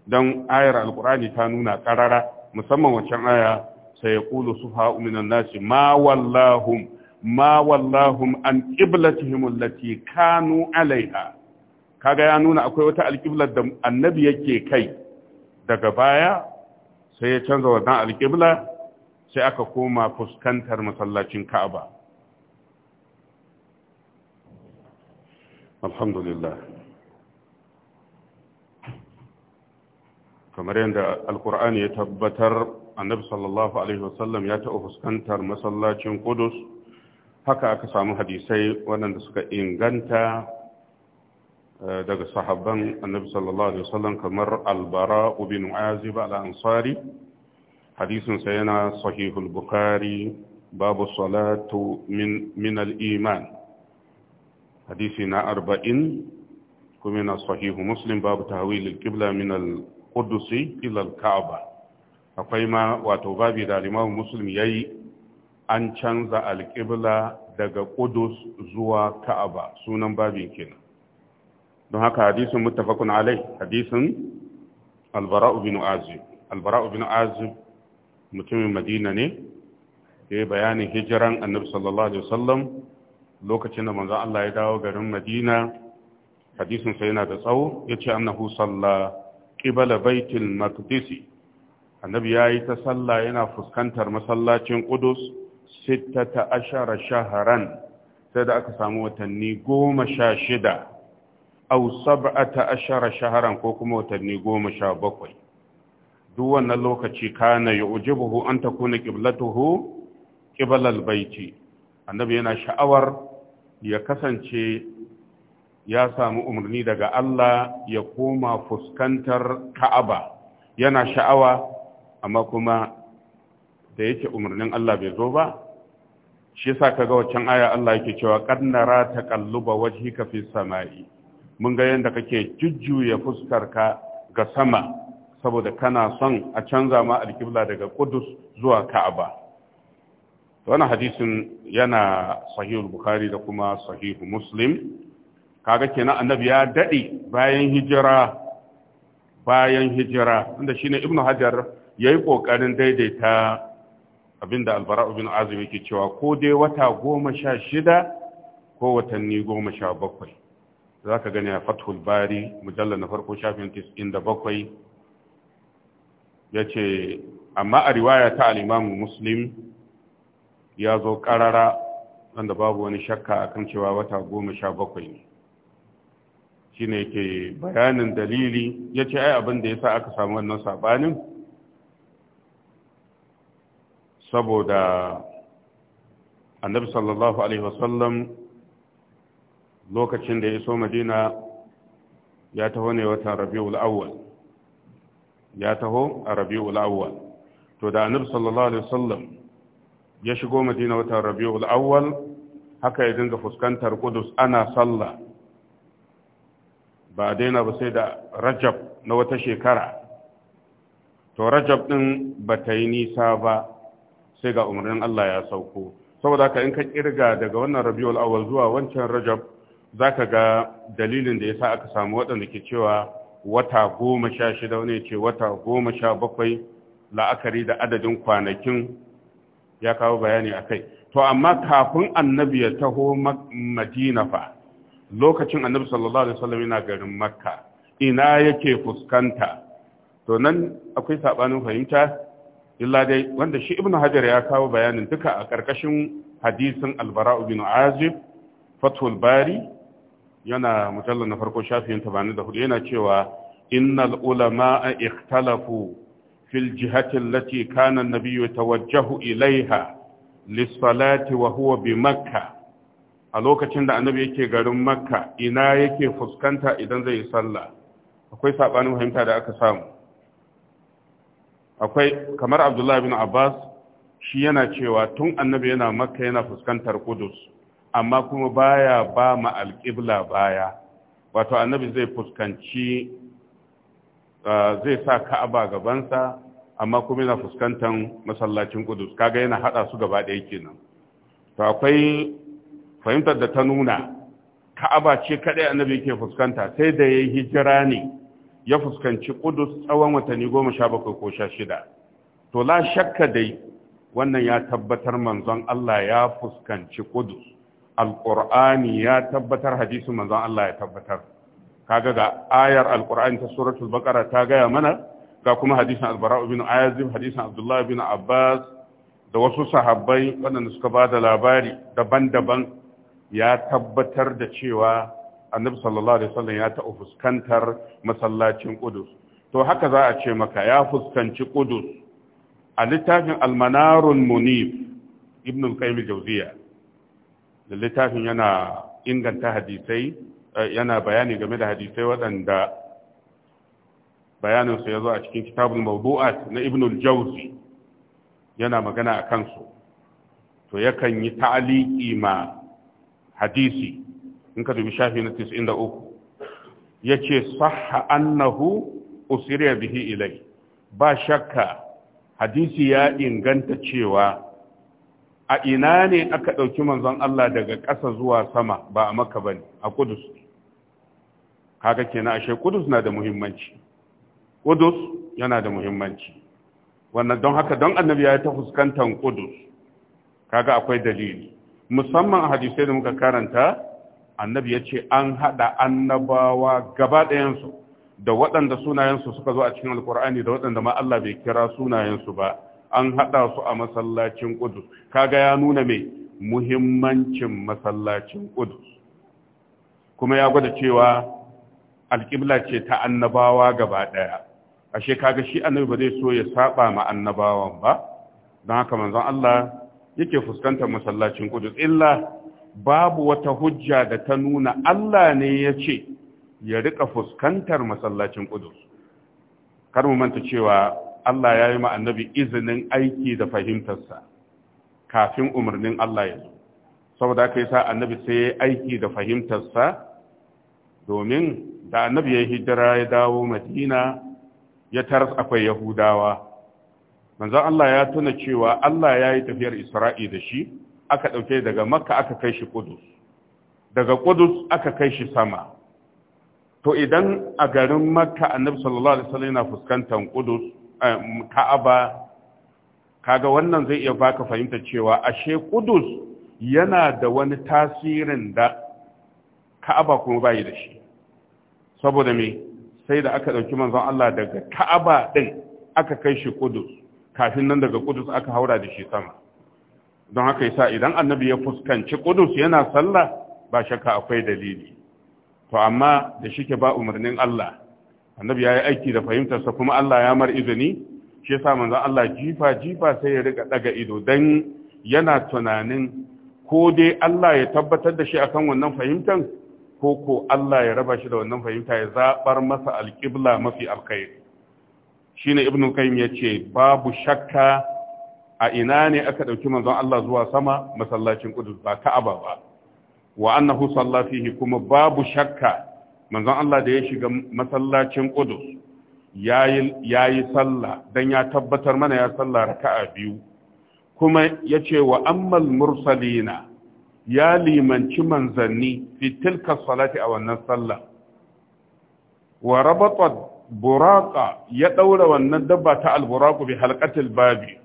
dan ayar alqur'ani ta nuna karara musamman wancan aya سيقول سفهاء من الناس ما ولاهم ما ولاهم عن قبلتهم التي كانوا عليها kaga ya nuna akwai wata alƙiblar da annabi yake kai daga baya sai ya canza wannan alƙibla sai aka koma fuskantar masallacin Ka'aba alhamdulillah kamar yadda alƙur'ani ya tabbatar annabi sallallahu alaihi wasallam ya taɓa fuskantar masallacin kudus haka aka samu hadisai waɗanda suka inganta eh, daga sahabban annabi sallallahu alaihi wasallam kamar albara Ubin, azib al-ansari hadisin sa yana sahihul bukhari babu salatu min min al-iman hadisi na arba'in kuma na sahihu muslim babu tahwil al-qibla min al-qudusi ila al-ka'bah akwai ma wato babi da limamu musulmi ya yi an canza alƙibla daga ƙudus zuwa ka'aba sunan babin kenan don haka hadisin muttafaqun alai hadisin albara'u bin azib albara'u bin azib mutumin madina ne ya yi bayanin hijiran annabi sallallahu alaihi wasallam lokacin da manzo Allah ya dawo garin madina hadisin sai yana da tsawo yace annahu salla qibala baitil maqdisi annabi ya yi ta sallah yana fuskantar masallacin ƙudus ta ashara shaharan sai da aka samu watanni goma sha shida au ta ashara shaharan ko kuma watanni goma sha bakwai duk wannan lokaci kana ya buhu an ta takuna qiblatuhu bai baiti annabi yana sha'awar ya kasance ya samu umarni daga Allah ya koma fuskantar Ka'aba yana sha'awa amma kuma da yake umarnin Allah bai zo ba shi yasa kaga waccan aya Allah yake cewa qad nara taqalluba wajhika fi samai mun ga yanda kake jujjuya fuskarka ga sama saboda kana son a canza ma alkibla daga Qudus zuwa Ka'aba wannan hadisin yana sahihul Bukhari da kuma sahihu Muslim kaga kenan annabi ya dade bayan hijira bayan hijira inda shine ibnu Hajar ya yi ƙoƙarin daidaita abinda albara bin azumi ke cewa ko dai wata goma sha shida ko watanni goma sha bakwai za ka gani a fathul bari mujalla na farko shafin tis'in da bakwai ya ce amma a riwaya ta alimamu muslim ya zo ƙarara wanda babu wani shakka a kan cewa wata goma sha bakwai ne shi ne ke bayanin dalili ya ce ai abin da ya sa aka samu wannan sabanin? saboda annabi sallallahu alaihi wasallam lokacin da ya iso madina ya taho ne watan rabi'ul awwal ya taho a rabi'ul awwal to da annabi sallallahu alaihi wasallam ya shigo madina watan rabi'ul awwal haka ya dinga fuskantar kudus ana sallah ba a daina ba sai da rajab na wata shekara to rajab din ba ta yi nisa ba sai ga umarnin Allah ya sauko saboda haka in ka kirga daga wannan rabiul awwal zuwa wancan rajab zaka ga dalilin da yasa aka samu waɗanda ke cewa wata goma sha shida ce wata goma sha bakwai la'akari da adadin kwanakin ya kawo bayani akai to amma kafin annabi ya taho madina fa lokacin annabi sallallahu alaihi wasallam yana garin makka ina yake fuskanta to nan akwai sabanin fahimta illa dai wanda shi ibnu hajar ya kawo bayanin duka a ƙarƙashin hadisin albara'u bin azib fathul bari yana mujallar na farko shafin hudu, yana cewa innal ulama ikhtalafu fil jihati allati kana an-nabiyyu tawajjahu ilaiha lis-salati wa huwa bi makka a lokacin da annabi yake garin makka ina yake fuskanta idan zai yi sallah akwai saɓanin fahimta da aka samu akwai kamar abdullahi bin abbas shi yana cewa tun annabi yana makka yana fuskantar kudus amma kuma baya ba ma alƙibla baya wato annabi zai fuskanci zai sa ka'aba gabansa amma kuma yana fuskantar masallacin kudus kaga yana hada su gaba ɗaya kenan to akwai fahimtar da ta nuna ka'aba ce kaɗai annabi yake fuskanta sai da ya hijira ne ya fuskanci Kudus tsawon watanni goma sha bakwai ko sha shida. To la shakka dai wannan ya tabbatar manzon Allah ya fuskanci Kudus. Alƙur'ani ya tabbatar hadisin manzon Allah ya tabbatar. Kaga ga ayar Alƙur'ani ta suratul Baqara ta gaya mana ga kuma hadisin Albara bin Azib, hadisin Abdullah bin Abbas da wasu sahabbai waɗanda suka ba da labari daban-daban ya tabbatar da cewa annabi sallallahu alaihi wasallam ya ta'u fuskantar masallacin Qudus to haka za a ce maka ya fuskanci Qudus a littafin Al-Manarul Munif Ibn qayyim da littafin yana inganta hadisai eh, yana bayani game da hadisai waɗanda bayaninsu ya zo a cikin kitabul mawdu'at na Ibn jawzi yana magana a kansu to yakan yi ta'aliki ma hadisi in ka dubi shafi na 93 ce sahha annahu usiriya bihi ilai ba shakka hadisi ya inganta cewa a ina ne aka ɗauki manzon Allah daga ƙasa zuwa sama ba a maka bane a kudus kaga kenan ashe kudus na da muhimmanci kudus yana da muhimmanci wannan don haka don annabi ya ta fuskantar kudus kaga akwai dalili musamman a hadisai da muka karanta annabi ya ce an haɗa annabawa gaba ɗayansu da waɗanda sunayensu suka zo a cikin alkur'ani da waɗanda ma Allah bai kira sunayensu ba an haɗa su a masallacin ƙudus kaga ya nuna mai muhimmancin masallacin ƙudus kuma ya gwada cewa alƙibla ce ta annabawa gaba ɗaya ashe kaga shi annabi ba zai so ya saba ma annabawan ba don haka manzon Allah yake fuskantar masallacin ƙudus illa babu wata hujja da ta nuna Allah ne ya ce ya rika fuskantar masallacin Qudus kar mu manta cewa Allah ya yi ma annabi izinin aiki da fahimtarsa kafin umarnin Allah ya zo saboda yi sa annabi sai ya aiki da fahimtarsa domin da annabi ya hijira ya dawo Madina ya taras akwai Yahudawa manzon Allah ya tuna cewa Allah ya yi tafiyar Isra'i da shi aka ɗauke daga makka aka kai shi kudus daga kudus aka kai shi sama to idan a garin makka annabi sallallahu alaihi wasallam yana fuskantar kudus eh, ka'aba kaga wannan zai iya baka fahimta cewa ashe kudus yana da wani tasirin da ka'aba kuma bayi da shi saboda me sai da aka ɗauki manzon Allah daga ka'aba ɗin aka kai shi kudus kafin nan daga kudus aka haura da shi sama don haka yasa idan annabi ya fuskanci kudus yana sallah ba shakka akwai dalili to amma da shike ba umarnin Allah annabi ya yi aiki da fahimtar sa kuma Allah ya mar izini shi yasa manzon Allah jifa jifa sai ya rika daga ido dan yana tunanin ko dai Allah ya tabbatar da shi akan wannan fahimtar ko ko Allah ya raba shi da wannan fahimta ya zabar masa alqibla mafi alkhair shine ibnu qayyim yace babu shakka a ina ne aka ɗauki manzon Allah zuwa sama masallacin ƙudus ba Ka'aba ba wa annahu salla fihi kuma babu shakka manzon Allah da ya shiga masallacin ƙudus yayi yayi sallah dan ya tabbatar mana ya sallah raka'a biyu kuma yace wa ammal mursalina ya limanci manzanni fi tilka salati a wannan sallah wa rabata buraqa ya daura wannan dabba ta alburaqu bi halqatil babi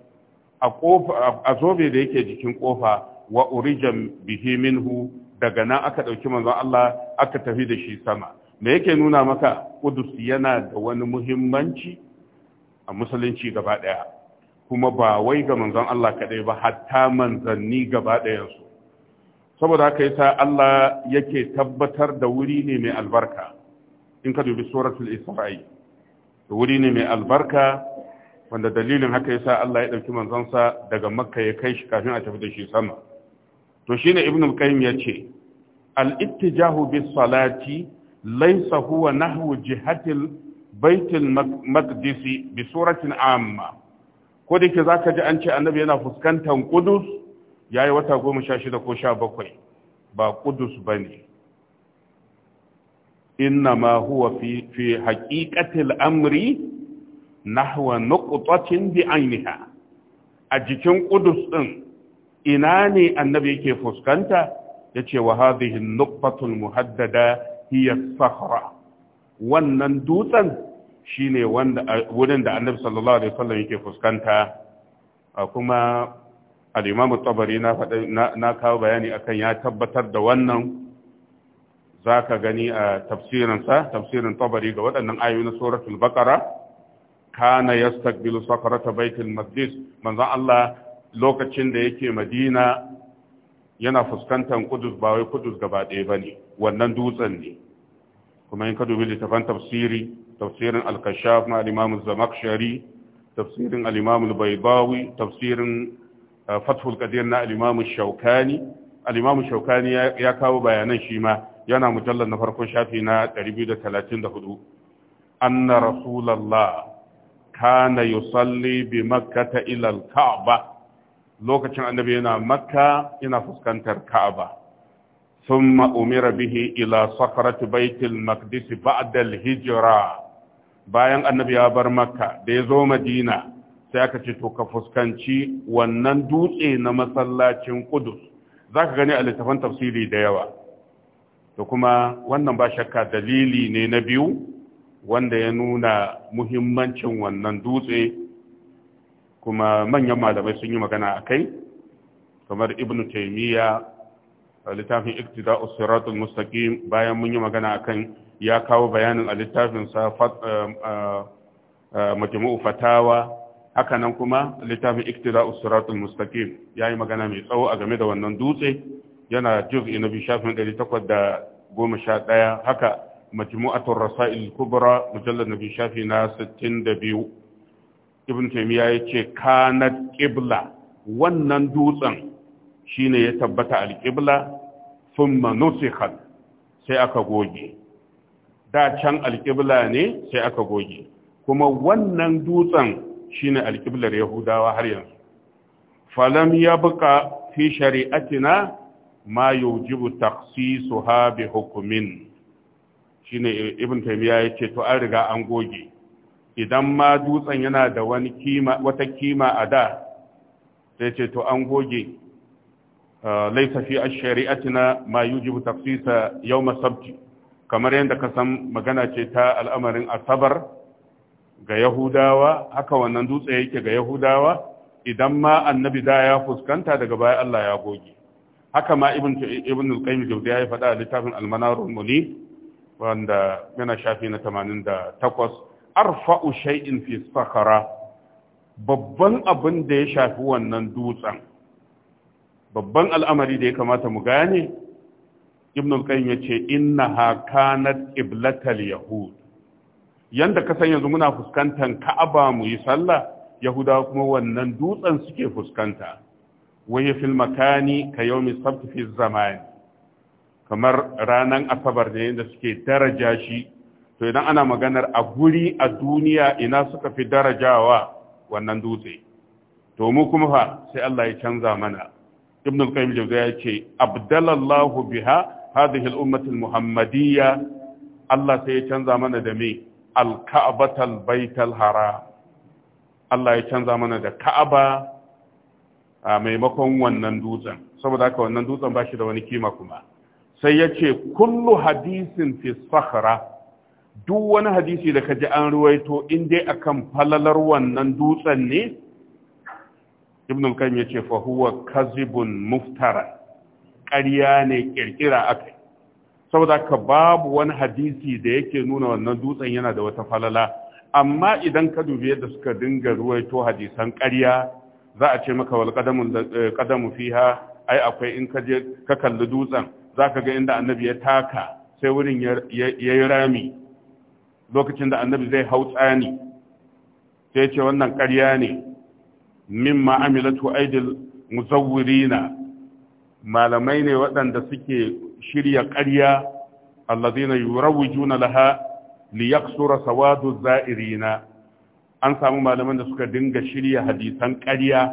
a zobe da yake jikin kofa wa urijan bihi minhu daga nan aka dauki manzon Allah aka tafi da shi sama me yake nuna maka Kudus yana da wani muhimmanci a musulunci gaba daya kuma ba wai ga manzon Allah kadai ba hatta manzanni gaba su saboda haka yasa Allah yake tabbatar da wuri ne mai albarka in ka dubi suratul isra'i wuri ne mai albarka wanda dalilin haka sa Allah ya ɗauki manzansa daga makka ya kai shi kafin a tafi da shi sama to shine ibnu qayyim ya ce al-ittijahu bis salati laysa huwa nahwu jihatil baitul maqdisi bi suratin amma ko da yake zaka ji an ce annabi yana fuskantar qudus yayi wata 16 ko 17 ba qudus bane innama ma huwa fi fi amri nahwa nuqtatin bi ainiha a jikin Kudus din ina ne annabi yake fuskanta yace wa hadhihi nuqtatul muhaddada hiya sahra wannan dutsen shine wanda wurin da annabi sallallahu alaihi wasallam yake fuskanta kuma al-imam tabari na na kawo bayani akan ya tabbatar da wannan za ka gani a tafsirinsa tafsirin tabari ga waɗannan ayoyi na suratul baqara kana yastaqbilu safarata baitul maqdis manzon Allah lokacin da yake Madina yana fuskantar Kudus ba wai Kudus gaba ɗaya bane wannan dutsen ne kuma in ka dubi littafan tafsiri tafsirin al-kashaf na al-Imam az-Zamakhshari tafsirin al-Imam al-Baydawi tafsirin eh, Fathul Qadir na al-Imam ash-Shawkani al-Imam ash-Shawkani ya kawo bayanan shi ma yana mujallar na farkon shafi na 234 anna rasulullah kana yusalli bi makkata ila al-ka'ba lokacin annabi yana makka yana fuskantar ka'aba thumma umira bihi ila sakrat baitil maqdis ba'da al-hijra bayan annabi ya bar makka da ya zo madina sai aka ce to ka fuskanci wannan dutse na masallacin kudus za ka gani a littafan tafsiri da yawa to kuma wannan ba shakka dalili ne na biyu wanda ya nuna muhimmancin wannan dutse kuma manyan malamai sun yi magana a kai kamar ibn taimiyya a littafin iktida usiratun mustaqim bayan mun yi magana a kan ya kawo bayanin a littafinsa eh, eh, eh, majmu'u fatawa Hakanan kuma littafin iktida usiratun mustaqim ya yi magana mai tsawo a game da wannan dutse yana juz inabi shafin 811 haka majmu'atul rasail kubra mujallad nabi shafi na 62 ibn taymiya yace kanat qibla wannan dutsen ne ya tabbata alqibla thumma nusikhat sai aka goge da can alƙibla ne sai aka goge kuma wannan dutsen shine alƙiblar yahudawa har yanzu falam yabqa fi shari'atina ma yujibu takhsisuha bi hukumin. shine ibn taymiya yace to an riga an goge idan ma dutsen yana da wani kima wata kima a da sai ce to an goge uh, laisa fi ash-shari'atina ma yujibu tafsisa yawm as kamar yadda ka san magana ce ta al'amarin asabar ga yahudawa haka wannan dutse yake ga yahudawa idan ma annabi da ya fuskanta daga baya Allah ya goge haka ma ibn ibn al-qayyim jawziya ya faɗa a littafin al-manarul munif wanda yana shafi na 88 arfa'u shay'in fi sakara babban abin da ya shafi wannan dutsen babban al'amari da ya kamata mu gane ibn qayyim yace innaha kanat qiblatal yahud yanda ka san yanzu muna fuskantar ka'aba mu yi sallah yahudawa kuma wannan dutsen suke fuskanta waye fil makani ka yawmi sabt fi zamani kamar ranar asabar da yadda suke daraja shi to idan ana maganar a guri a duniya ina suka fi darajawa wannan dutse to mu kuma fa sai Allah ya canza mana ibn al-qayyim ya ce abdalallahu biha hadhihi al-ummah al-muhammadiyya Allah sai ya canza mana da me al-ka'batal baital haram Allah ya canza mana da ka'aba a maimakon wannan dutsen saboda haka wannan dutsen ba shi da wani kima kuma sai ya ce kullu hadisin fi sakhra duk wani hadisi da kaji an ruwaito in dai akan falalar wannan dutsen ne ibn al-qayyim ce fa huwa kazibun muftara ƙarya ne kirkira aka saboda ka babu wani hadisi da yake nuna wannan dutsen yana da wata falala amma idan ka dubi yadda suka dinga ruwaito hadisan ƙarya za a ce maka wal qadamu eh, fiha ai akwai in ka je ka kalli dutsen za ka ga inda annabi ya taka sai wurin ya yi rami lokacin da annabi zai hau tsani sai ce wannan ƙarya ne min ma'amilatu aidil muzawwirina malamai ne waɗanda suke shirya ƙarya allazina yurawwijuna laha liyaksura sawadu za'irina an samu malaman da suka dinga shirya hadisan ƙarya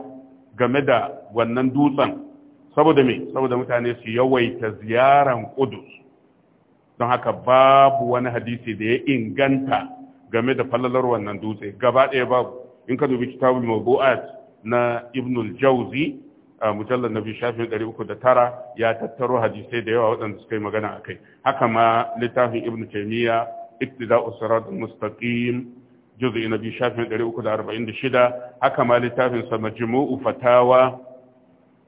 game da wannan dutsen saboda me saboda mutane su yawaita ziyaran Qudus don haka babu wani hadisi da ya inganta game da falalar wannan dutse gaba ɗaya babu in ka dubi kitabul mawdu'at na Ibnul-Jauzi, mujallar mujallad nabi shafin 309 ya tattaro hadisai da yawa waɗanda suka yi magana kai. haka ma littafin Ibn Taymiyyah iktida'u siratal mustaqim juz'i nabi shafin 346 haka ma littafin sa majmu'u fatawa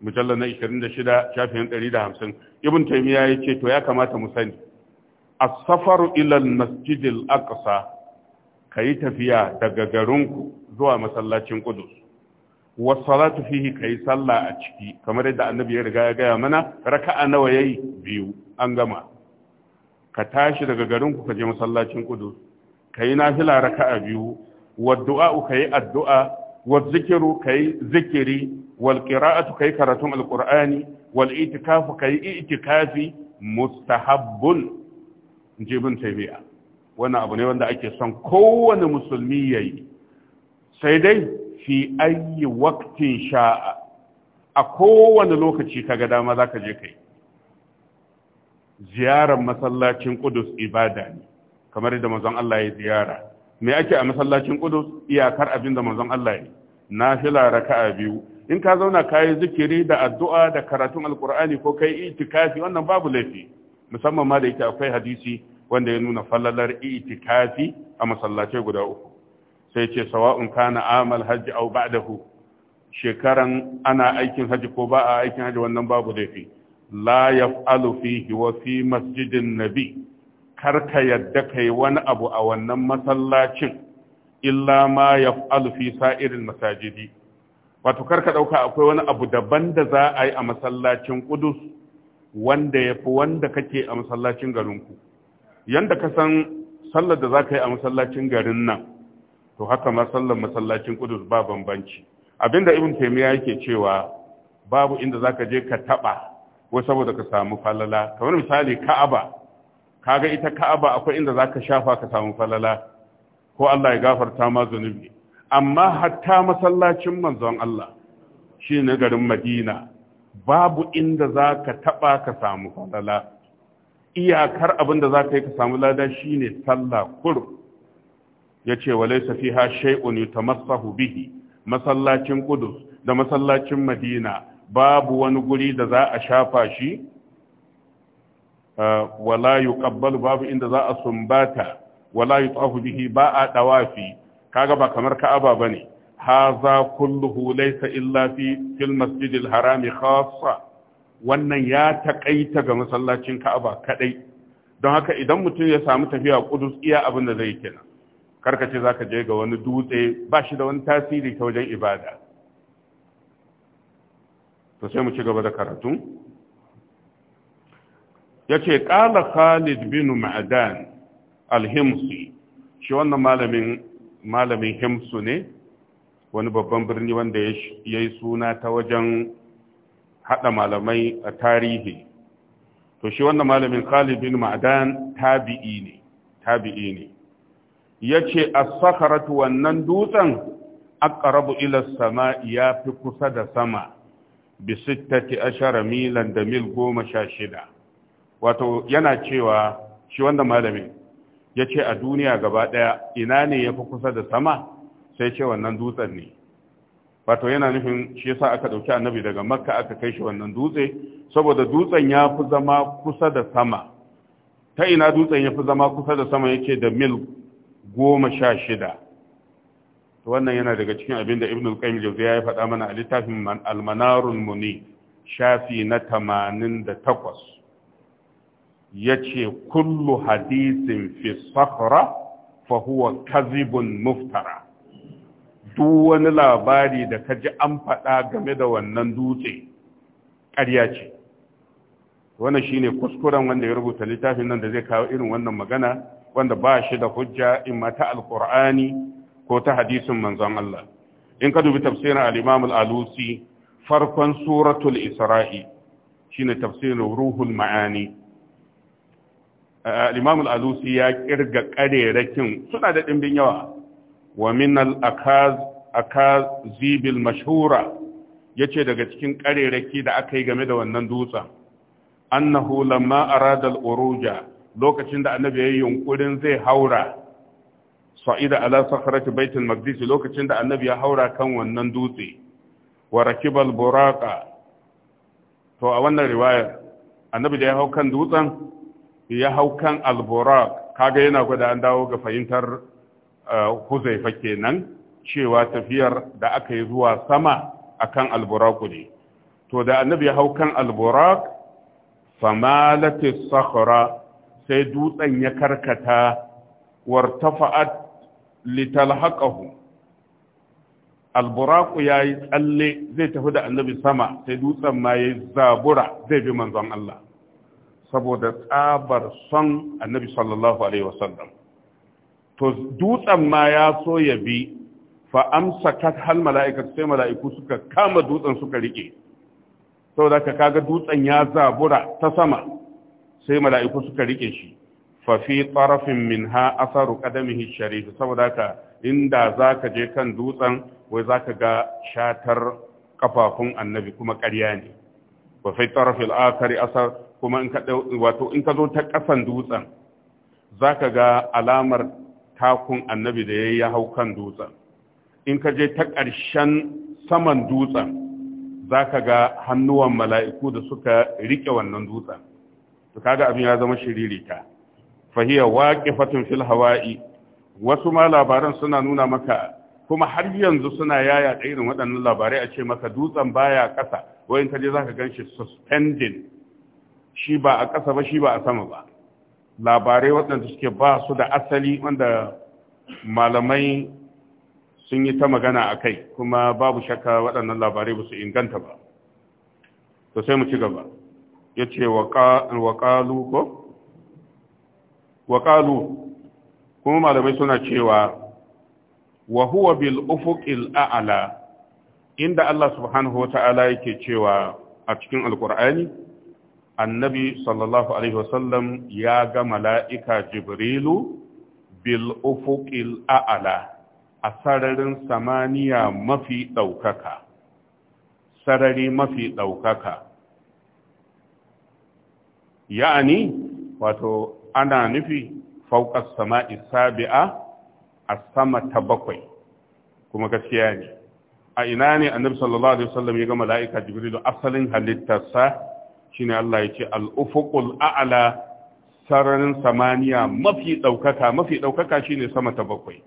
mujallar na 26 shafin 150 ibn taymiya ya ce to ya kamata mu sani as-safaru ila al-masjid al-aqsa kai tafiya daga garinku zuwa masallacin qudus wa salatu fihi kai sallah a ciki kamar yadda annabi ya riga ya gaya mana raka'a nawa yayi biyu an gama ka tashi daga garinku ka je masallacin qudus kai nafila raka'a biyu wa du'a ka yi addu'a wa zikiru zikiri wal qira'atu kai karatun alqur'ani wal itikafu kai itikafi mustahabbun inji sai taymiya wannan abu ne wanda ake son kowane musulmi yayi sai dai fi ayi waqtin sha'a a kowane lokaci kaga dama zaka je kai ziyarar masallacin Qudus ibada ne kamar da manzon Allah ya ziyara me ake a masallacin Qudus iyakar abin da manzon Allah ya nafila raka'a biyu in ka zauna kayi zikiri da addu'a da karatun alqur'ani ko kai itikafi wannan babu laifi musamman ma da yake akwai hadisi wanda ya nuna fallalar itikafi a masallace guda uku sai ce sawa'un kana amal hajji aw ba'dahu shekaran ana aikin haji ko ba a aikin haji wannan babu laifi la yaf'alu fihi wa fi masjidin nabi kar ka yadda kai wani abu a wannan masallacin illa ma ya fi sa'irin masajidi wato kar ka ɗauka akwai wani abu daban da za a yi a masallacin Qudus wanda yafi wanda kake a masallacin garinku yanda ka san sallar da za ka yi a masallacin garin nan to haka ma sallar masallacin Qudus ba bambanci abinda Ibn Taimiyya yake cewa babu inda za ka je ka taɓa, wai saboda ka samu falala kamar misali Ka'aba kaga ita ka'aba akwai inda zaka shafa ka samu falala ko Allah ya gafarta ma zunubi amma hatta masallacin manzon Allah shi ne garin Madina babu inda zaka taba ka samu falala iyakar abin da zaka yi ka samu lada shine sallah kur yace walaysa fiha shay'un yatamassahu bihi masallacin Qudus da masallacin Madina babu wani guri da za a shafa shi Uh, wala ƙabbalu, babu inda za a sumbata wala yutafu bihi ba a ɗawafi. kaga ba kamar ka'aba bane haza kulluhu laysa illa fi fil masjidil harami khassa wannan ya taƙaita ga masallacin ka'aba kadai don haka idan mutum ya samu tafiya kudus iya abin da zai kenan karka ce zaka je ga wani dutse ba shi da wani tasiri ta wajen ibada to sai mu ci gaba da karatu yace ƙala Khalid bin Ma'adan al-Himsi shi wannan malamin malamin Himsu ne wani babban birni wanda yayi suna ta wajen haɗa malamai a tarihi to shi wannan malamin Khalid bin Ma'adan tabi'i ne tabi'i ne yace as-sakharatu wannan dutsen aqrabu ila as-sama'i yafi kusa da sama bi sittati ashara milan da mil goma sha shida wato yana cewa shi wanda malami ya ce a duniya gaba ɗaya ina ne ya fi kusa da sama sai ce wannan dutsen ne wato yana nufin shi yasa aka ɗauki annabi daga makka aka kai shi wannan dutse saboda dutsen ya fi zama kusa da sama ta ina dutsen ya fi zama kusa da sama yake da mil goma sha shida wannan yana daga cikin abin da ibnul al-qayyim jawziya ya faɗa mana a littafin al-manarul muni shafi na 88 yace kullu hadisin fi safra fa huwa kadhibun muftara duk wani labari da ka ji an faɗa game da wannan dutse ƙarya ce wannan shine kuskuren wanda ya rubuta littafin nan da zai kawo irin wannan magana wanda ba shi da hujja in ma ta alqur'ani ko ta hadisin manzon Allah in ka dubi tafsirin al-Imam al-Alusi farkon suratul Isra'i shine tafsirin ruhul ma'ani al-imam al-alusi ya kirga karerakin suna da dimbin yawa wa min al-akaz akazibil mashhura yace daga cikin kareraki da aka yi game da wannan dutsen annahu lamma arada al lokacin da annabi ya yi yunkurin zai haura sa'ida ala sakhrati baitul maqdis lokacin da annabi ya haura kan wannan dutse wa rakibal to a wannan riwayar annabi da ya hau kan dutsen ya hau kan alburak kaga yana gwada an dawo ga fahimtar eh, huzaifa kenan cewa tafiyar da aka yi zuwa sama akan alburaku ne to da annabi ya hau kan alburak famalati sakhra sai dutsen ya karkata wartafa'at litalhaqahu alburaku ya yi tsalle zai tafi da annabi sama sai dutsen ma ya zabura zai bi manzon Allah saboda tsabar son annabi sallallahu alaihi wasallam to dutsen ma ya so ya bi fa kat hal sai mala'iku suka kama dutsen suka rike saboda ka kaga dutsen ya zabura ta sama sai mala'iku suka rike shi fa fi tarafin minha asaru qadamihi sharif saboda ka inda zaka je kan dutsen wai zaka ga shatar kafafun annabi kuma ƙarya ne wa fi tarafil akhari asar kuma in ka wato in ka zo ta ƙasan dutsen za ka ga alamar takun annabi da ya yi hau kan dutsen in ka je ta ƙarshen saman dutsen za ka ga hannuwan mala'iku da suka riƙe wannan dutsen to kaga abin ya zama shiririta fahiyar waƙifatun fil hawa'i wasu ma labaran suna nuna maka kuma har yanzu suna yaya irin waɗannan labarai a ce maka dutsen baya ƙasa wayan ka je za ka gan shi suspending shi ba a ƙasa ba shi ba a sama ba labarai waɗanda suke ba su da asali wanda malamai sun yi ta magana a kai kuma babu shakka waɗannan labarai ba su inganta ba to sai mu ci gaba ya ce waƙalu kuma malamai suna cewa wa huwa bil ufuqil a'la inda Allah subhanahu wa yake cewa a cikin alkur'ani annabi sallallahu alaihi wasallam ya ga mala'ika jibrilu bil ufuqil a'ala a sararin samaniya mafi ɗaukaka sarari mafi ɗaukaka ya'ani wato ana nufi fauƙar sama'i sabi'a a sama ta bakwai kuma gaskiya ne a ina ne annabi sallallahu alaihi wasallam ya ga mala'ika jibrilu asalin halittarsa Shin Allah ya ce al’ufukul a’ala sararin samaniya mafi ɗaukaka. mafi ɗaukaka shine sama ta bakwai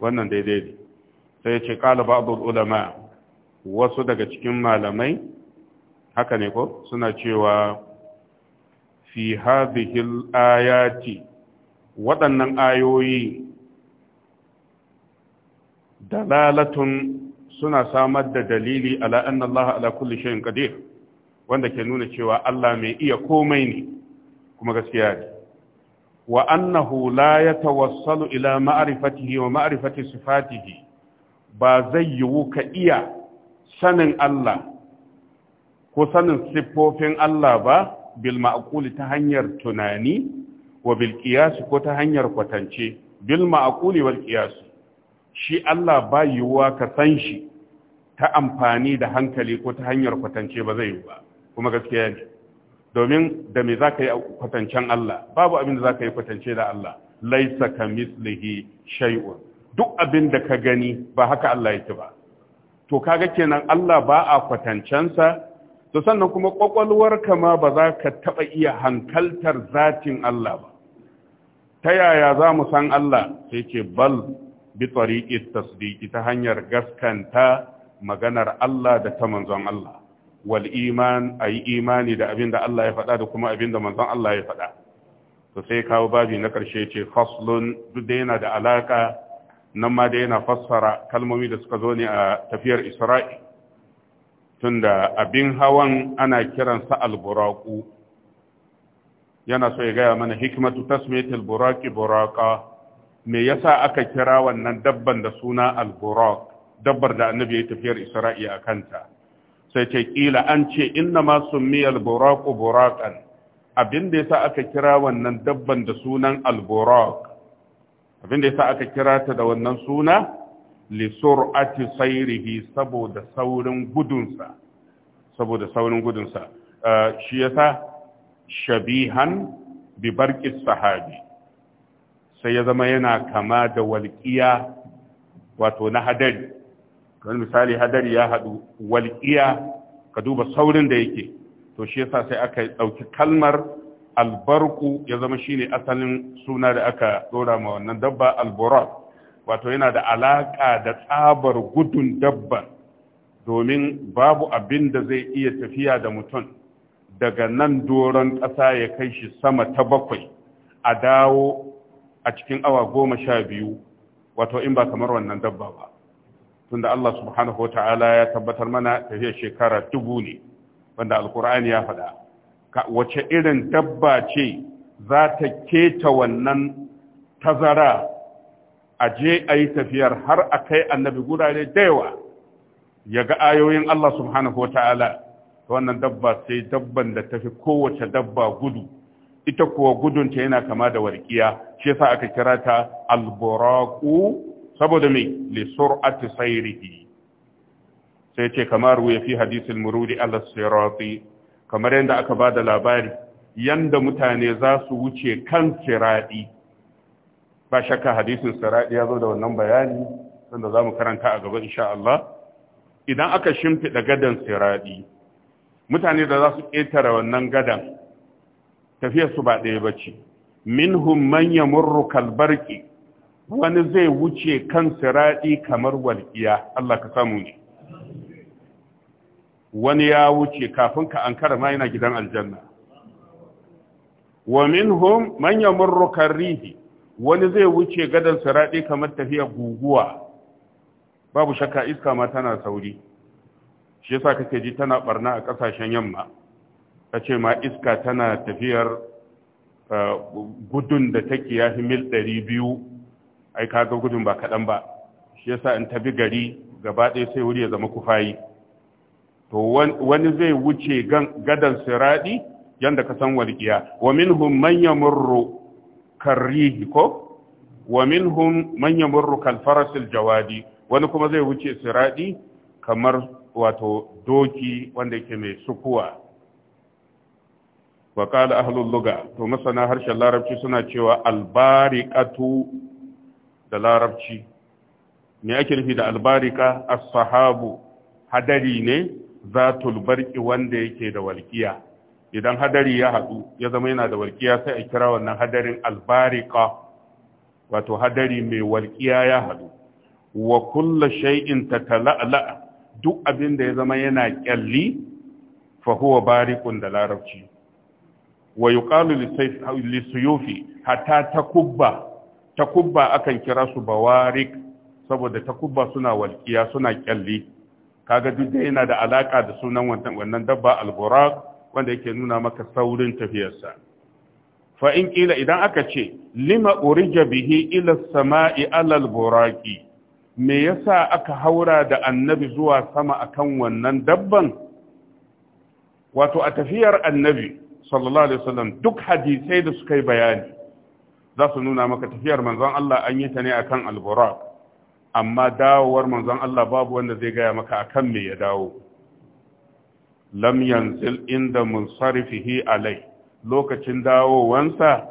wannan daidai ne sai ya ce qala ba'dul ulama wasu daga cikin malamai haka ne ko suna cewa fi hadhihi ayati waɗannan ayoyi dalalatun suna samar da dalili ala’an Allah ala kulli shay'in ƙadir wanda ke nuna cewa Allah mai iya komai ne kuma gaskiya ne wa annahu la yatawassalu ila ma'rifatihi wa ma'rifati sifatihi ba zai yiwu ka iya sanin Allah ko sanin siffofin Allah ba bil ma'quli ta hanyar tunani wa bil qiyas ko ta hanyar kwatance bil ma'quli wal qiyas shi Allah ba yiwuwa ka san shi ta amfani da hankali ko ta hanyar kwatance ba zai yiwu ba kuma gaskiya ne domin da me za ka yi kwatancen Allah babu abin da za ka yi kwatance da Allah laisa ka mislihi shay'un duk abin da ka gani ba haka Allah yake ba to kaga kenan Allah ba a sa? to sannan kuma kwakwalwar ka ma ba za ka taba iya hankaltar zatin Allah ba ta yaya za mu san Allah sai ce bal bi tariqi tasdiqi ta hanyar gaskanta maganar Allah da ta manzon Allah wal iman yi imani da abin da Allah ya faɗa da kuma abin da manzon Allah ya faɗa to sai kawo babi na ƙarshe ce faslun duk da yana da alaƙa, nan ma da yana fassara kalmomi da suka zo ne a tafiyar Isra'i tunda abin hawan ana kiransa alburaku, yana so ya gaya mana hikmatu tasmiyatil buraki buraka me yasa aka kira wannan dabban da suna alburak? dabbar da annabi ya tafiyar Isra'i a kanta sai ce ƙila an ce inna ma mi buraqu buraqan abin da yasa aka kira wannan dabban da sunan al abin da yasa aka kira ta da wannan suna li sur'ati sayrihi saboda saurin gudunsa saboda saurin gudunsa eh, shi yasa shabihan bi barqis sahabi sai ya zama yana kama da walqiya wato na hadari kamar misali hadari ya haɗu walƙiya ka duba saurin da yake to shi yasa sai aka ɗauki kalmar albarku ya zama shine asalin suna da aka ɗora ma wannan dabba alborat wato yana da alaƙa da tsabar gudun dabban domin babu abin da zai iya tafiya da mutum daga nan doron ƙasa ya kai shi sama ta bakwai a dawo a cikin awa goma sha biyu wato in ba kamar wannan dabba ba tunda Allah subhanahu wa ta'ala ya tabbatar mana tafiyar shekara dubu ne wanda alkur'ani ya faɗa wace irin dabba ce za ta keta wannan tazara a je a yi tafiyar har a kai annabi gurare da yawa ya ga ayoyin Allah subhanahu wa ta'ala wannan dabba sai dabban da tafi kowace dabba gudu ita kuwa gudunta yana kama da warkiya shi yasa aka kira ta alburaku saboda mai li sur'ati sayrihi sai ce kamar ruwa fi hadisin murudi ala sirati kamar yadda aka ba da labari yanda mutane za su wuce kan siradi ba shakka hadisin siradi ya zo da wannan bayani sanda za mu karanta a gaba insha Allah idan aka shimfiɗa gadan siradi mutane da za su ƙetare wannan gadan tafiyar su ba ɗaya ba ce minhum man yamurru kalbarki wani zai wuce kan siraɗi kamar walƙiya Allah ka samu ne wani ya wuce kafin ka ankara ma yana gidan aljanna wa minhum man yamurru karrihi wani zai wuce gadan siraɗi kamar tafiya guguwa babu shakka iska ma tana sauri shi yasa kake ji tana barna a ƙasashen yamma kace ma iska tana tafiyar eh, gudun da take yafi mil 200 ai ka ga gudun ba kaɗan ba shi yasa in tabi gari gaba ɗaya sai wuri ya zama kufayi to wani zai wuce gadan siradi yanda ka san walƙiya wa minhum man yamurru karrihi ko wa minhum man yamurru kal farasil jawadi wani kuma zai wuce siradi kamar wato doki wanda yake mai sukuwa wa qala ahlul lugha to masana harshen larabci suna cewa albariqatu da larabci me ake nufi da albarika as-sahabu hadari ne zatul barki wanda yake da walƙiya. idan hadari ya haɗu ya zama yana da walƙiya, sai a kira wannan hadarin albarika wato hadari mai walƙiya ya haɗu wa kulla shay'in tatala'la duk abin da ya zama yana kyalli fa huwa barikun da larabci wa yuqalu lisayfi hatta takubba takubba akan kira su bawarik saboda takubba suna walƙiya suna kyalli kaga duk da yana da alaka da sunan wannan dabba alburak wanda yake nuna maka saurin tafiyarsa fa in kila idan aka ce lima urija bihi ila sama'i alal buraki me yasa aka haura da annabi zuwa sama akan wannan dabban wato a tafiyar annabi sallallahu alaihi wasallam duk hadisai da suka yi bayani za su nuna maka tafiyar manzon Allah an yi ta ne akan kan alburak. amma dawowar manzon Allah babu wanda zai gaya maka akan me ya dawo lam yanzil inda munsarifihi alai lokacin dawowansa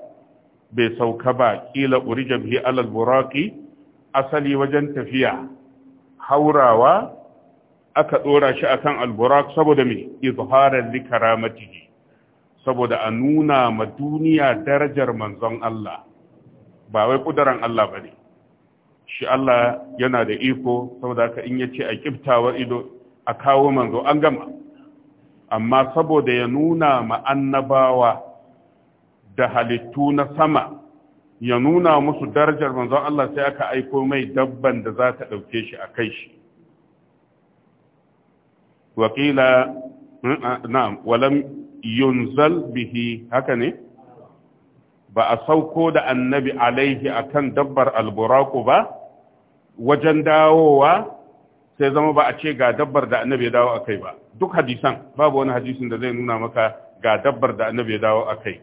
bai sauka ba kila urija bihi alal buraqi asali wajen tafiya haurawa aka dora shi akan alburak saboda me izharan likaramatihi saboda a nuna ma duniya darajar manzon Allah ba wai kudaran Allah ba ne shi Allah yana da iko saboda haka in yace a kiftawar ido a kawo manzo an gama amma saboda ya nuna ma'annabawa da halittu na sama ya nuna musu darajar manzo, Allah sai aka aiko mai dabban da za ta ɗauke shi a kai shi wakila mm, ah, na'am walam yunzal bihi haka ne ba a sauko da annabi alaihi a kan dabbar alburaku ba wajen dawowa sai zama ba a ce ga dabbar da annabi ya dawo a kai ba duk hadisan babu wani hadisin da zai nuna maka ga dabbar da annabi ya dawo a akai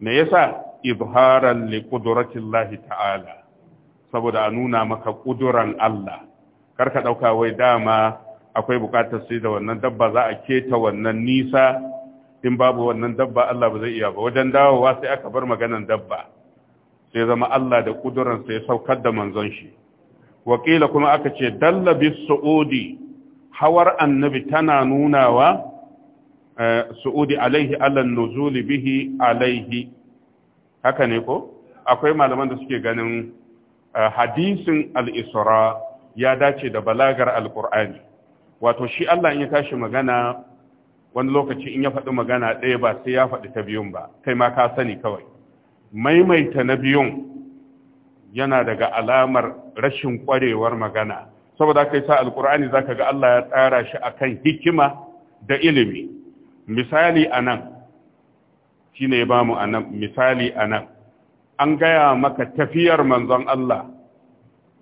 me yasa ibharan li qudratillahi ta'ala saboda a nuna maka kuduran Allah karka ɗauka wai dama akwai bukatar sai da wannan dabba za a keta wannan nisa in babu wannan dabba Allah ba zai iya ba wajen dawowa sai aka bar maganan dabba sai zama Allah da kuduransa ya saukar da manzon shi wakila kuma aka ce dalla suudi hawar annabi tana nunawa eh, suudi alaihi alan nuzuli bihi alaihi haka ne ko akwai malaman da suke ganin eh, hadisin al-isra ya dace da balagar al-qur'ani wato shi Allah in ya tashi magana wani lokaci in ya faɗi magana ɗaya ba sai ya faɗi ta biyun ba kai ma ka sani kawai maimaita na biyun yana daga alamar rashin ƙwarewar magana saboda kai sa alkur'ani zaka ga Allah ya tsara shi akan hikima da ilimi misali anan shine ya bamu anan misali anan an gaya maka tafiyar manzon Allah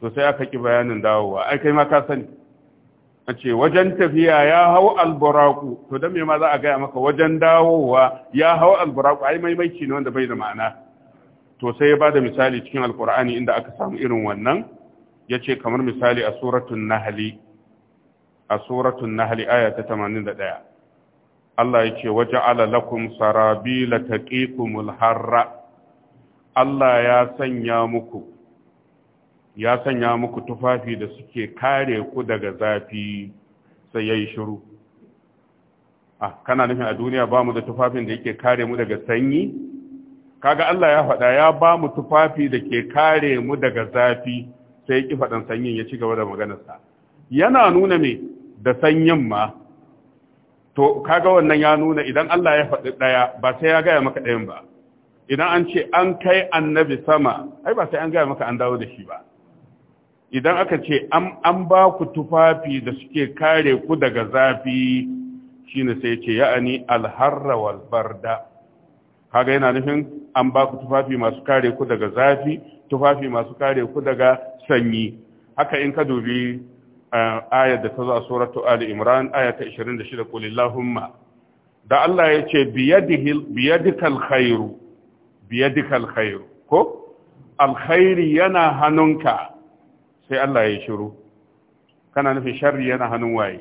to sai aka ki bayanin dawowa ai kai ma ka sani a ce wajen tafiya ya hau alburaku to don me ma za a gaya maka wajen dawowa ya hau alburaku ai maimaici ne wanda bai da ma'ana to sai ya bada misali cikin alkur'ani inda aka samu irin wannan ya ce kamar misali a suratun nahali a suratun nahali aya ta 81 Allah ya ce waje lakum sarabila taqikumul harra Allah ya sanya muku ya sanya muku tufafi da suke kare ku daga zafi sai ya yi shiru ah kana nufin a duniya ba mu da tufafin da yake kare mu daga sanyi kaga Allah ya faɗa ya ba mu tufafi da ke kare mu daga zafi sai ya ki faɗan sanyin ya ci gaba da maganarsa yana nuna me da sanyin ma to kaga wannan ya nuna idan Allah ya faɗi ɗaya ba sai ya gaya maka ɗayan ba idan an ce an kai annabi sama ai ba sai an gaya maka an dawo da shi ba idan aka ce an ba ku tufafi da suke kare ku daga zafi shine sai ce ya'ani alharra wal barda kaga yana nufin an ba ku tufafi masu kare ku daga zafi tufafi masu kare ku daga sanyi haka in ka dubi eh, ayar da ta zo a suratu ali imran aya ta 26 qul illahumma da Allah ya ce biyadikal khairu biyadikal khairu ko alkhairi yana hannunka sai Allah ya shiru kana nufin sharri yana hannun waye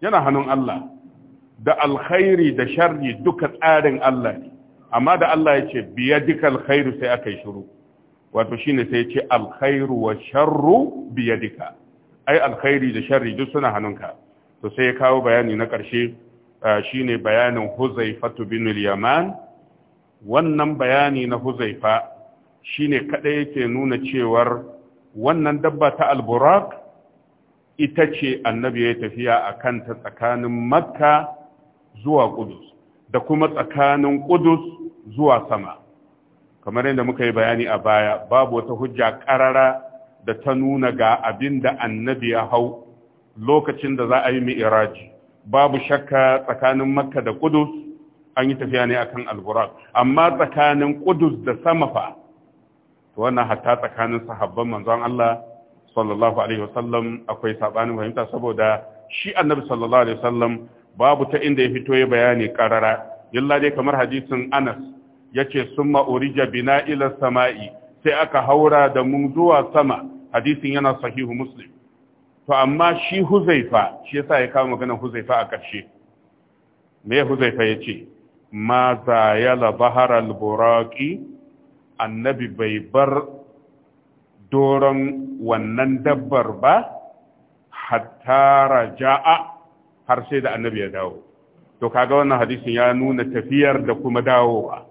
yana hannun Allah da alkhairi da sharri duka tsarin Allah ne amma da Allah ya ce duka alkhairu sai aka yi shiru wato shine sai ya ce alkhairu wa sharru biyadika ai alkhairi da sharri duk suna hannunka to sai ya kawo bayani na ƙarshe ne bayanin Huzaifatu bin yaman wannan bayani na Huzaifa shine kada yake nuna cewar wannan dabba ta alburak ita ce annabi ya tafiya a kanta tsakanin makka zuwa kudus da kuma tsakanin kudus zuwa sama kamar yadda muka yi bayani a baya babu wata hujja karara da ta nuna ga abinda annabi ya hau lokacin da za a yi mi'iraji babu shakka tsakanin makka da kudus an yi tafiya ne akan alburak amma tsakanin kudus da sama fa wannan hatta tsakanin sahabban manzon Allah sallallahu alaihi wasallam akwai sabanin fahimta saboda shi annabi sallallahu alaihi wasallam babu ta inda ya fito ya bayani karara illa dai kamar hadisin Anas yace summa urija bina ila sama'i sai aka haura da mu zuwa sama hadisin yana sahihu muslim to amma shi huzaifa shi yasa ya kawo maganar huzaifa a ƙarshe me huzaifa yace ma za yala bahara al-buraqi annabi bai bar doron wannan dabbar ba hatta ja'a har sai da annabi ya dawo to kaga wannan hadisin ya nuna tafiyar da kuma dawowa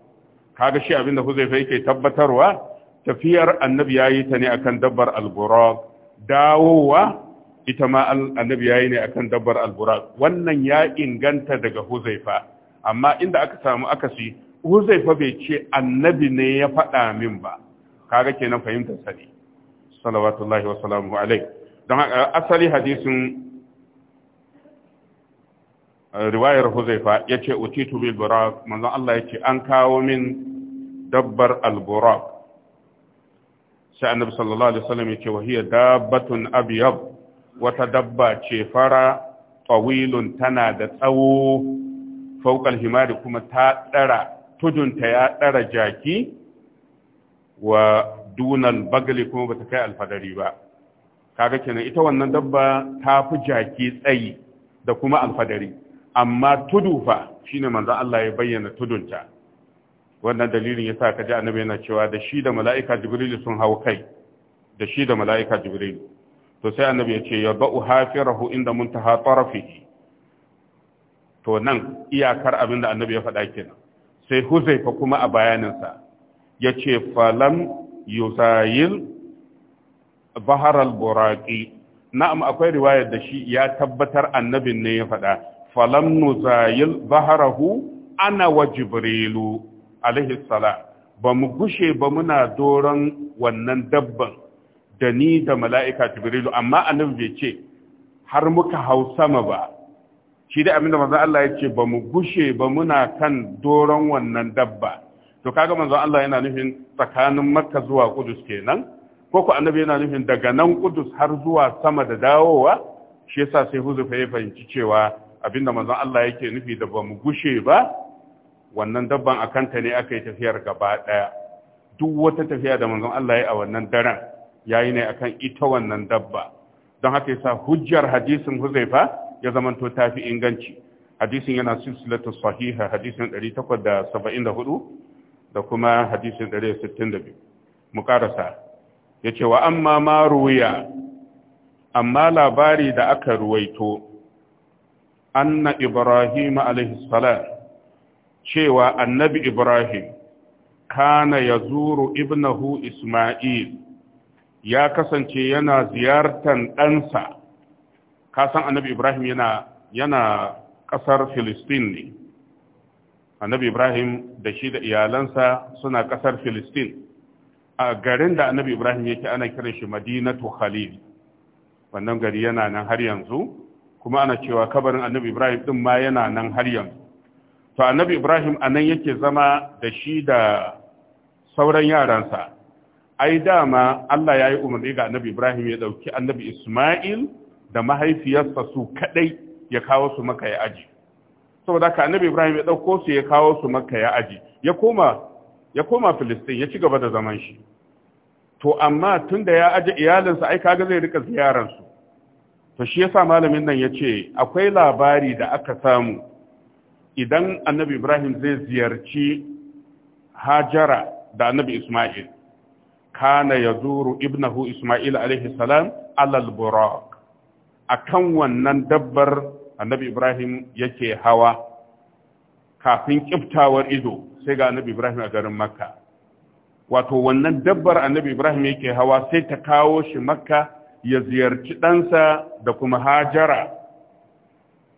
kaga shi abinda huzaifa yake tabbatarwa tafiyar annabi yayi ta ne akan dabbar al-buraq dawowa ita ma annabi yayi ne akan dabbar al-buraq wannan ya inganta daga huzaifa amma inda aka samu akasi Huzaifa bai ce annabi ne ya faɗa min ba, kaga kenan fahimtar sani, salawatullahi wa salamu alai. Don asali hadisin eh, riwayar Huzaifa ya ce, Utitu bil burak, manzon Allah ya ce, an kawo min dabbar al-burak. Sai annabi sallallahu alaihi wasallam ya ce, wa hiya dabbatun abiyab, wata dabba ce fara, tawilun tana da tsawo, fauƙal himari kuma ta ɗara tudunta ya ɗara jaki wa dunan bagali kuma bata kai alfadari ba kaga kenan ita wannan dabba ta fi jaki tsayi da kuma alfadari amma tudu fa shine manzo Allah ya bayyana tudunta wannan dalilin yasa kaji annabi yana cewa da shi da mala'ika jibril sun hau kai da shi da mala'ika jibril to sai annabi ya ce ya ba'u hafirahu inda muntaha tarafihi to nan iyakar abin da annabi ya faɗa kenan sai huzaifa kuma a bayaninsa ya ce falam yuzayil baharal buraki na'am akwai riwayar da shi ya tabbatar annabin ne ya faɗa falam nuzayil baharahu ana wa jibrilu alaihi ba mu gushe ba muna doron wannan dabban da ni da mala'ika jibrilu amma annabi bai ce har muka hau sama ba shi dai abinda manzo Allah ya ce ba mu gushe ba muna kan doron wannan dabba to kaga manzon Allah yana nufin tsakanin Makka zuwa Kudus kenan ko ku annabi yana nufin daga nan Kudus har zuwa sama da dawowa shi yasa sai huzaifa ya fahimci cewa abinda manzo Allah yake nufi da ba mu gushe ba wannan dabban akan ta ne aka yi tafiyar gaba daya duk wata tafiya da manzon Allah ya a wannan daren yayi ne akan ita wannan dabba don haka yasa hujjar hadisin Huzaifa ya zamanto tafi inganci hadisin yana silsilatu sahiha hadisin 874 da kuma hadisin 162 mu karasa yace wa amma ma ruwiya amma labari da aka ruwaito anna ibrahim alaihi cewa annabi ibrahim kana yazuru ibnahu isma'il ya kasance yana ziyartar ɗansa ka san annabi ibrahim yana yana kasar filistin ne annabi ibrahim da shi da iyalansa suna kasar filistin a garin da annabi ibrahim yake ana kiran shi madinatu khalil wannan gari yana nan har yanzu kuma ana cewa kabarin annabi ibrahim din ma yana nan har yanzu to annabi ibrahim a nan yake zama da shi da sauran yaransa ai dama allah ya yi umarni ga annabi ibrahim ya ɗauki annabi ismail da mahaifiyarsa su kadai ya kawo su maka ya aji saboda ka annabi ibrahim ya dauko su ya kawo su maka ya aji ya koma filistin ya ci gaba da zaman shi to amma tunda ya aje iyalinsa ai kaga zai rika ziyararsu. to shi yasa malamin nan ya ce akwai labari da aka samu idan annabi ibrahim zai ziyarci hajara da annabi isma'il kana ya zuru ibnahu isma'il alaihi salam alal bura akan wannan dabbar annabi Ibrahim yake hawa kafin kiftawar ido sai ga annabi Ibrahim a garin Makka wato wannan dabbar annabi Ibrahim yake hawa sai ta kawo shi Makka ya ziyarci ɗansa da kuma Hajara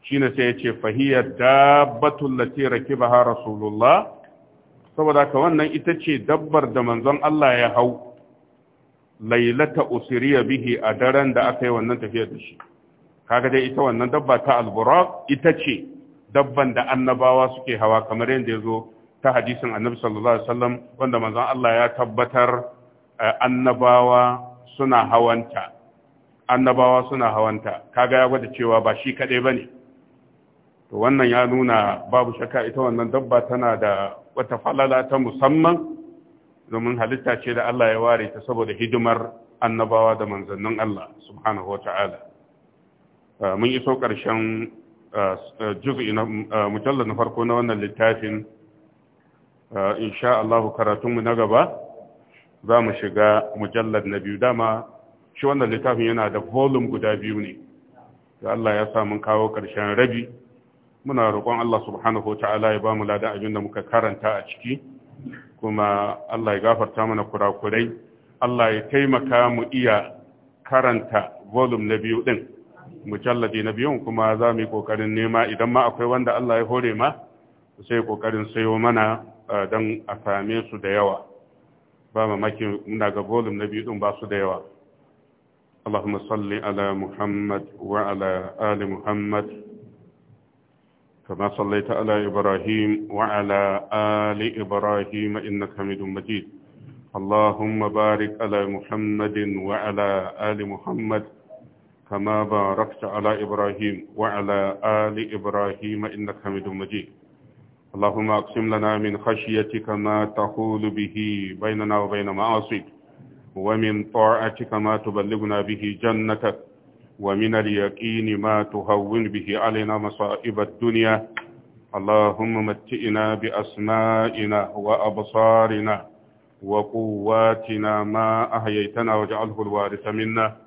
shine sai ya ce fahiyar dabbatul lati rakibaha rasulullah saboda ka wannan ita ce dabbar da manzon Allah ya hau lailata usiriya bihi a daren da aka yi wannan tafiyar da shi kaga dai ita wannan dabba ta alburaq ita ce dabban da annabawa suke hawa kamar yadda ya zo ta hadisin annabi sallallahu alaihi wasallam wanda manzon Allah ya tabbatar eh, annabawa suna hawanta annabawa suna hawanta kaga ya gwada cewa ba shi kadai bane to wannan ya nuna babu shakka ita wannan dabba tana da wata falala ta musamman domin halitta ce da Allah ya ware ta saboda hidimar annabawa da manzannin Allah subhanahu wa ta'ala Eh, mun iso ƙarshen eh, juz'i na eh, mujallar na farko na wannan littafin insha Allah karatunmu na gaba za mu shiga mujallar na biyu dama shi wannan littafin yana da volume guda biyu ne da Allah ya sa mun kawo ƙarshen rabi muna roƙon Allah subhanahu wata'ala ya ba mu ladan abin da muka karanta a ciki kuma Allah ya gafarta mana kurakurai Allah ya taimaka mu iya karanta volume na biyu din mujalladi na biyun kuma za mu yi kokarin nema idan ma akwai wanda Allah ya hore ma sai kokarin sayo mana don a same su da yawa ba mamaki muna ga volume na biyu din ba su da yawa اللهم صل على محمد وعلى آل محمد كما صليت على إبراهيم ali ibrahim إبراهيم إنك حميد مجيد اللهم بارك على محمد وعلى ali muhammad. كما باركت على إبراهيم وعلى آل إبراهيم إنك حميد مجيد اللهم أقسم لنا من خشيتك ما تحول به بيننا وبين معاصيك ومن طاعتك ما تبلغنا به جنتك ومن اليقين ما تهون به علينا مصائب الدنيا اللهم متئنا بأسمائنا وأبصارنا وقواتنا ما أهيتنا وجعله الوارث منا